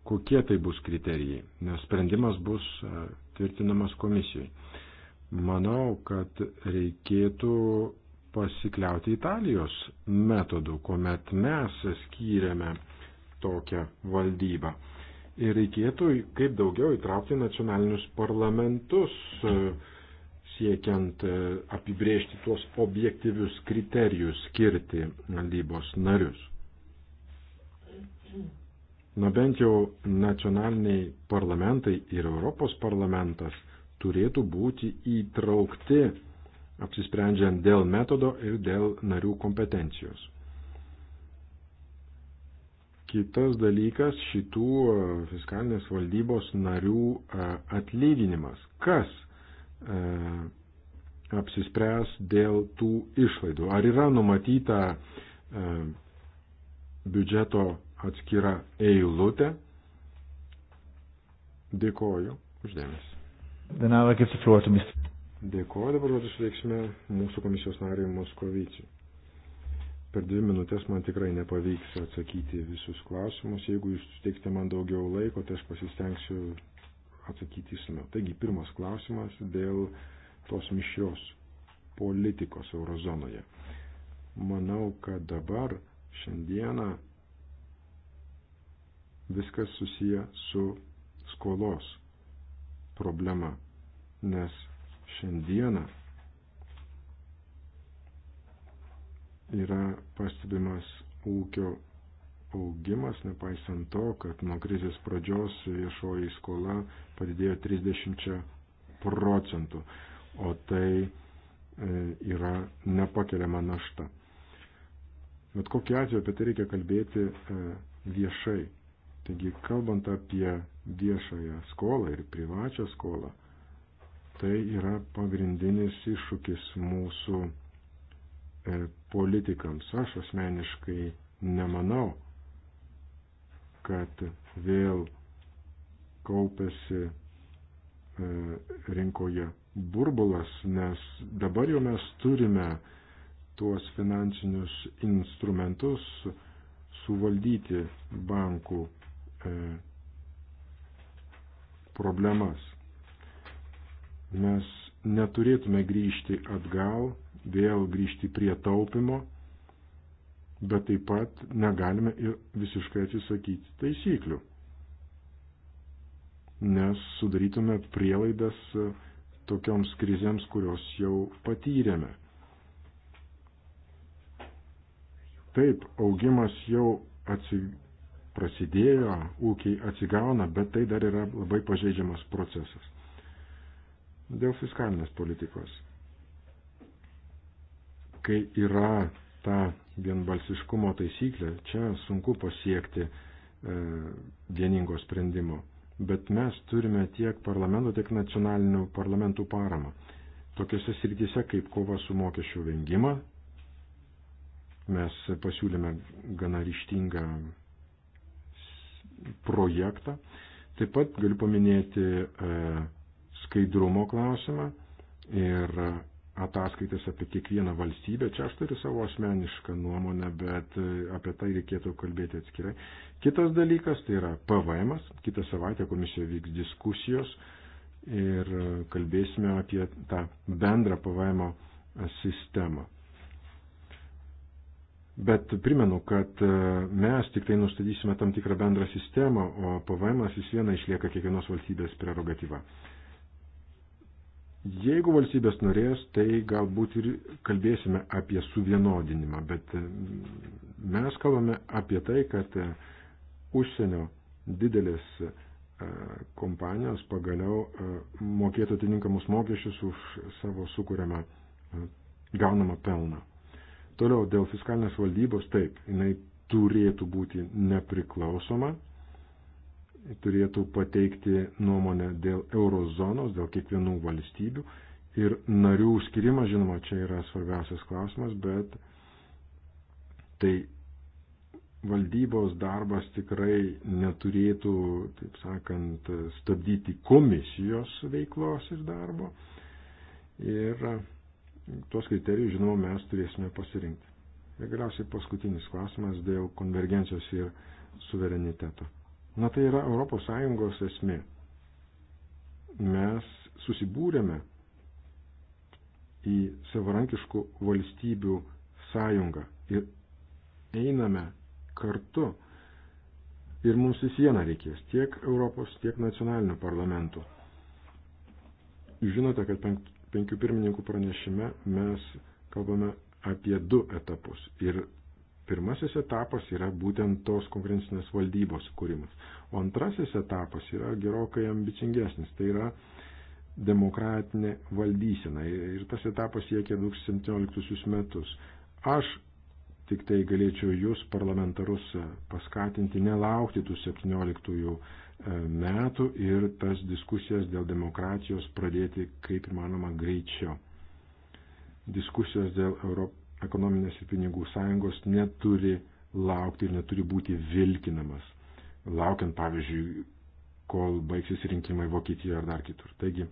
Kokie tai bus kriterijai, nes sprendimas bus e, tvirtinamas komisijai. Manau, kad reikėtų pasikliauti Italijos metodu, kuomet mes skyrėme tokią valdybą. Ir reikėtų kaip daugiau įtraukti nacionalinius parlamentus, e, siekiant e, apibrėžti tuos objektyvius kriterijus skirti valdybos narius. Na bent jau nacionaliniai parlamentai ir Europos parlamentas turėtų būti įtraukti apsisprendžiant dėl metodo ir dėl narių kompetencijos. Kitas dalykas šitų e, fiskalinės valdybos narių e, atlyginimas. Kas e, apsispręs dėl tų išlaidų? Ar yra numatyta biudžeto atskira eilutė? Dėkoju uždėmesi. Dėkoju, dabar žodžiu sveiksime mūsų komisijos nariui Moskovicijui per dvi minutės man tikrai nepavyks atsakyti visus klausimus. Jeigu jūs suteikite man daugiau laiko, tai aš pasistengsiu atsakyti išsamiau. Taigi, pirmas klausimas dėl tos mišrios politikos eurozonoje. Manau, kad dabar, šiandieną, viskas susiję su skolos problema, nes šiandieną yra pastebimas ūkio augimas, nepaisant to, kad nuo krizės pradžios viešoji skola padidėjo 30 procentų, o tai e, yra nepakeliama našta. Bet kokiu atveju apie tai reikia kalbėti e, viešai. Taigi, kalbant apie viešąją skolą ir privačią skolą, tai yra pagrindinis iššūkis mūsų politikams. Aš asmeniškai nemanau, kad vėl kaupėsi e, rinkoje burbulas, nes dabar jau mes turime tuos finansinius instrumentus suvaldyti bankų e, problemas. Mes neturėtume grįžti atgal vėl grįžti prie taupimo, bet taip pat negalime ir visiškai atsisakyti taisyklių, nes sudarytume prielaidas e, tokioms krizėms, kurios jau patyrėme. Taip, augimas jau atsigauna prasidėjo, ūkiai atsigauna, bet tai dar yra labai pažeidžiamas procesas. Dėl fiskalinės politikos kai yra ta vienbalsiškumo taisyklė, čia sunku pasiekti e, vieningo sprendimo. Bet mes turime tiek parlamento, tiek nacionalinių parlamentų paramą. Tokiose srityse kaip kova su mokesčių vengima, mes pasiūlėme gana ryštingą projektą. Taip pat galiu paminėti e, skaidrumo klausimą ir ataskaitas apie kiekvieną valstybę. Čia aš turiu savo asmenišką nuomonę, bet e, apie tai reikėtų kalbėti atskirai. Kitas dalykas tai yra PVM. -as. Kitą savaitę komisijoje vyks diskusijos ir e, kalbėsime apie tą bendrą PVM sistemą. Bet primenu, kad e, mes tik tai nustatysime tam tikrą bendrą sistemą, o PVM vis viena išlieka kiekvienos valstybės prerogatyva. Jeigu valstybės norės, tai galbūt ir kalbėsime apie suvienodinimą, bet mm, mes kalbame apie tai, kad e, užsienio didelės e, kompanijos pagaliau e, mokėtų atitinkamus mokesčius už savo sukūriamą gaunamą pelną. Toliau, dėl fiskalinės valdybos, taip, jinai turėtų būti nepriklausoma, turėtų pateikti nuomonę dėl eurozonos, dėl kiekvienų valstybių. Ir narių skirimas, žinoma, čia yra svarbiausias klausimas, bet tai valdybos darbas tikrai neturėtų, taip sakant, stabdyti komisijos veiklos ir darbo. Ir tuos kriterijus, žinoma, mes turėsime pasirinkti. Ir galiausiai paskutinis klausimas dėl konvergencijos ir suvereniteto. Na tai yra ES esmė. Mes susibūrėme į savarankiškų valstybių sąjungą ir einame kartu. Ir mums vis viena reikės tiek Europos, tiek nacionalinių parlamentų. Žinote, kad penk, penkių pirmininkų pranešime mes kalbame apie du etapus. Ir Pirmasis etapas yra būtent tos konkurencinės valdybos kūrimas. O antrasis etapas yra gerokai ambicingesnis. Tai yra demokratinė valdysena. Ir tas etapas siekia 2017 metus. Aš tik tai galėčiau jūs, parlamentarus, paskatinti nelaukti tų 17 e, metų ir tas diskusijas dėl demokratijos pradėti kaip įmanoma greičiau. Diskusijos dėl Europos ekonominės ir pinigų sąjungos neturi laukti ir neturi būti vilkinamas, laukiant, pavyzdžiui, kol baigsis rinkimai Vokietijoje ar dar kitur. Taigi,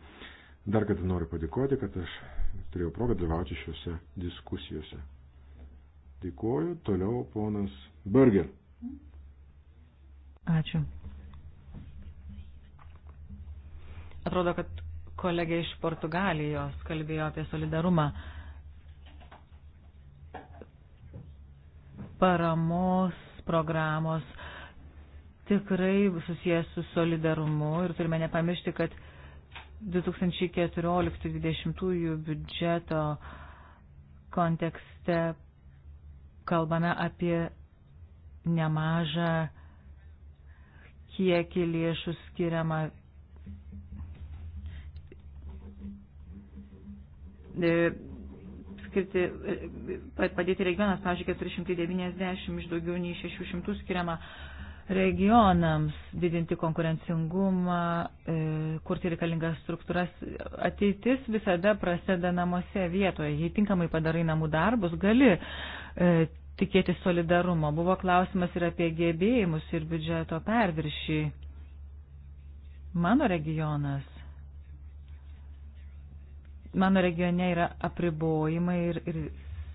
dar kartą noriu padėkoti, kad aš turėjau progą dalyvauti šiuose diskusijose. Dėkuoju, toliau ponas Berger. Ačiū. Atrodo, kad kolegė iš Portugalijos kalbėjo apie solidarumą. paramos programos tikrai susijęs su solidarumu ir turime nepamiršti, kad 2014-2020 biudžeto kontekste kalbame apie nemažą kiekį lėšų skiriamą skirti, e, padėti regionas, pavyzdžiui, 490 iš daugiau nei 600 skiriama regionams, didinti konkurencingumą, e, kurti reikalingas struktūras. Ateitis visada prasideda namuose vietoje. Jei tinkamai padarai namų darbus, gali e, tikėti solidarumo. Buvo klausimas ir apie gebėjimus ir biudžeto perviršį. Mano regionas mano regione yra apribojimai ir, ir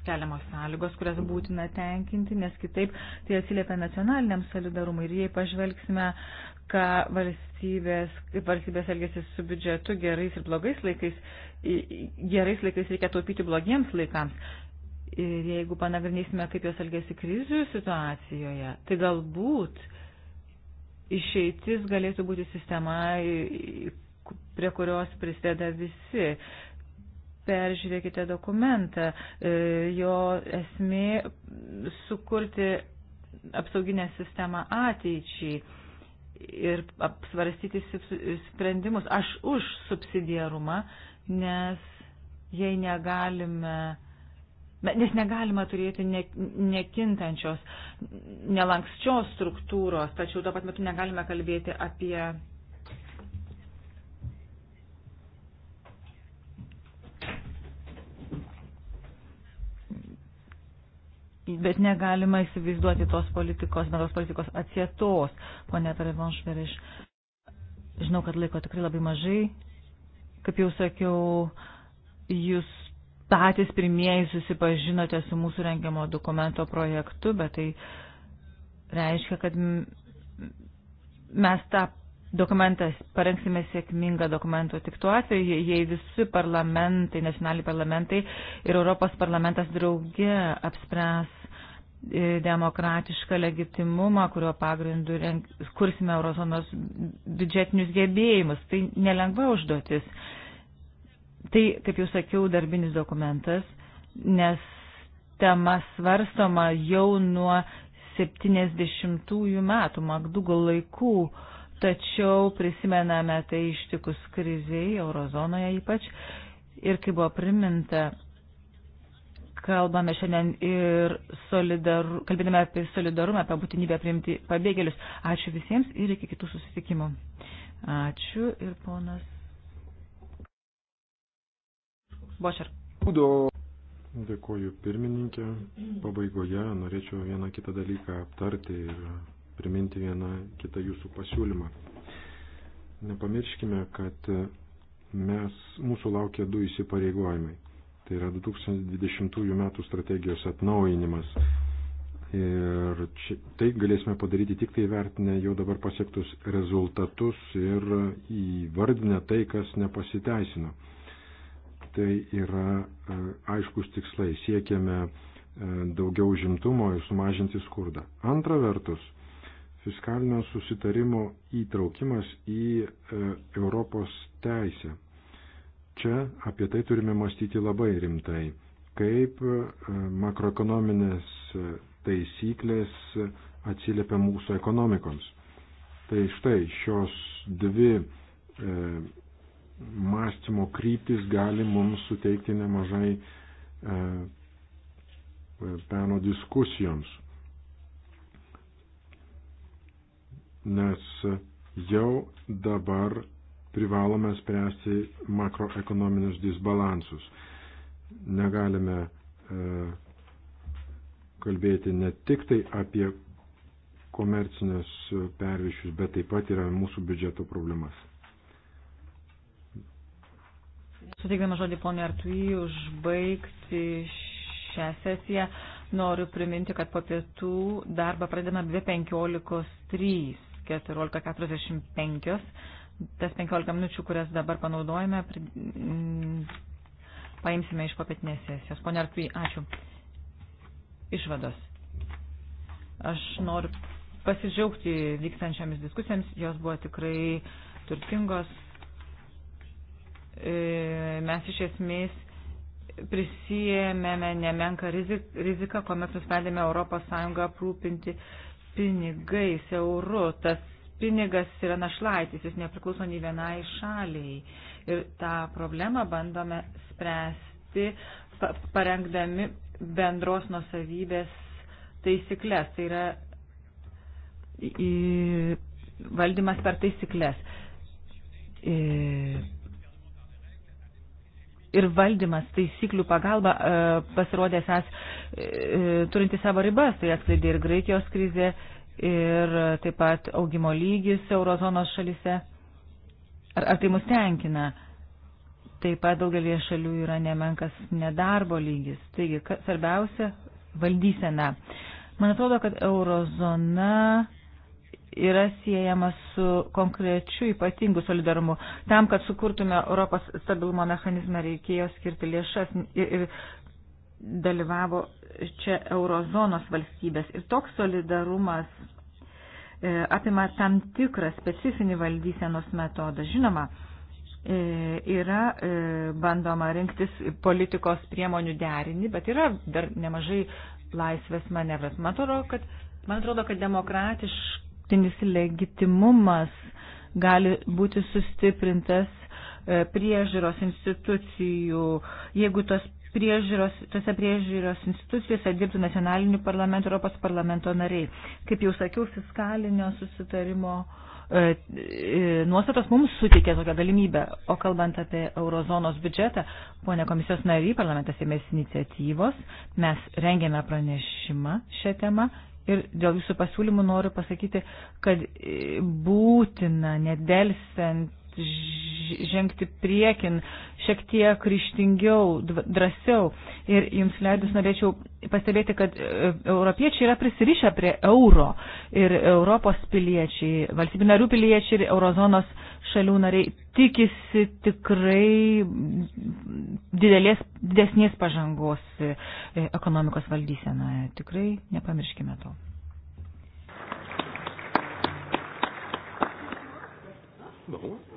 keliamos sąlygos, kurias būtina tenkinti, nes kitaip tai atsiliepia nacionaliniam solidarumui. Ir jei pažvelgsime, ką valstybės, kaip valstybės elgesi su biudžetu gerais ir blogais laikais, gerais laikais reikia taupyti blogiems laikams. Ir jeigu panagrinėsime, kaip jos elgesi krizių situacijoje, tai galbūt išeitis galėtų būti sistema, prie kurios prisideda visi peržiūrėkite dokumentą. E, jo esmė sukurti apsauginę sistemą ateičiai ir apsvarstyti sprendimus. Aš už subsidiarumą, nes jei negalime. Nes negalima turėti ne, nekintančios, nelankščios struktūros, tačiau tuo pat metu negalime kalbėti apie bet negalima įsivaizduoti tos politikos, bendros politikos atsietos, ponė Parevanšveriš. Žinau, kad laiko tikrai labai mažai. Kaip jau sakiau, jūs patys pirmieji susipažinote su mūsų rengiamo dokumento projektu, bet tai reiškia, kad mes tą dokumentas, parengsime sėkmingą dokumentą tik tuo atveju, jei visi parlamentai, nacionaliniai parlamentai ir Europos parlamentas drauge apspręs E, demokratišką legitimumą, kurio pagrindu renk, kursime eurozonos biudžetinius gebėjimus. Tai nelengva užduotis. Tai, kaip jau sakiau, darbinis dokumentas, nes tema svarstoma jau nuo 70-ųjų metų, Magdugo laikų, tačiau prisimename tai ištikus kriziai, eurozonoje ypač, ir kaip buvo priminta, kalbame šiandien ir solidar, kalbėdame apie solidarumą, apie būtinybę priimti pabėgėlius. Ačiū visiems ir iki kitų susitikimų. Ačiū ir ponas. Bošer. Būdo. Dėkuoju pirmininkė. Pabaigoje norėčiau vieną kitą dalyką aptarti ir priminti vieną kitą jūsų pasiūlymą. Nepamirškime, kad mes, mūsų laukia du įsipareigojimai Tai yra 2020 m. strategijos atnaujinimas. Ir čia, tai galėsime padaryti tik tai vertinę jau dabar pasiektus rezultatus ir įvardinę tai, kas nepasiteisino. Tai yra e, aiškus tikslai. Siekiame e, daugiau žimtumo ir sumažinti skurdą. Antra vertus, fiskalinio susitarimo įtraukimas į e, Europos teisę. Čia apie tai turime mąstyti labai rimtai, kaip e, makroekonominės taisyklės atsiliepia mūsų ekonomikoms. Tai štai šios dvi e, mąstymo kryptis gali mums suteikti nemažai e, peno diskusijoms. Nes jau dabar privalome spręsti makroekonominius disbalansus. Negalime e, kalbėti ne tik tai apie komercinius pervišius, bet taip pat yra mūsų biudžeto problemas. Suteikdama žodį ponė Artui užbaigti šią sesiją, noriu priminti, kad po pietų darbą pradedame 2.15.3, 14.45 tas 15 minučių, kurias dabar panaudojame, paimsime iš papietinės sesijos. Pone Artvy, ačiū. Išvados. Aš noriu pasidžiaugti vykstančiamis diskusijams, jos buvo tikrai turtingos. E, mes iš esmės prisijėmėme nemenką riziką, kuomet nusprendėme Europos Sąjungą aprūpinti pinigais, eurų. Tas pinigas yra našlaitis, jis nepriklauso nei vienai šaliai. Ir tą problemą bandome spręsti parengdami bendros nusavybės taisyklės. Tai yra į, valdymas per taisyklės. Ir valdymas taisyklių pagalba e, pasirodė esas e, turinti savo ribas, tai atskleidė ir Graikijos krizė, ir taip pat augimo lygis eurozonos šalise. Ar, ar tai mus tenkina? Taip pat daugelie šalių yra nemenkas nedarbo lygis. Taigi, kas svarbiausia - valdysena. Man atrodo, kad eurozona yra siejama su konkrečiu ypatingu solidarumu. Tam, kad sukurtume Europos stabilumo mechanizmą, reikėjo skirti lėšas ir, ir dalyvavo čia eurozonos valstybės. Ir toks solidarumas e, apima tam tikrą specifinį valdysenos metodą. Žinoma, e, yra e, bandoma rinktis politikos priemonių derinį, bet yra dar nemažai laisvės manevras. Man atrodo, kad, man atrodo, kad demokratiškinis legitimumas gali būti sustiprintas priežiūros institucijų, jeigu tos priežiūros, tose priežiūros institucijose dirbtų nacionalinių parlamentų, Europos parlamento nariai. Kaip jau sakiau, fiskalinio susitarimo e, e, nuostatos mums suteikė tokią galimybę. O kalbant apie eurozonos biudžetą, ponė komisijos nariai, parlamentas ėmėsi iniciatyvos, mes rengėme pranešimą šią temą. Ir dėl jūsų pasiūlymų noriu pasakyti, kad e, būtina nedelsiant žengti priekin, šiek tiek ryštingiau, drąsiau. Ir jums leidus norėčiau pastebėti, kad e, europiečiai yra prisirišę prie euro ir Europos piliečiai, valstybių narių piliečiai ir eurozonos šalių nariai tikisi tikrai didelės, didesnės pažangos e, ekonomikos valdysenoje. Tikrai nepamirškime to. Bon.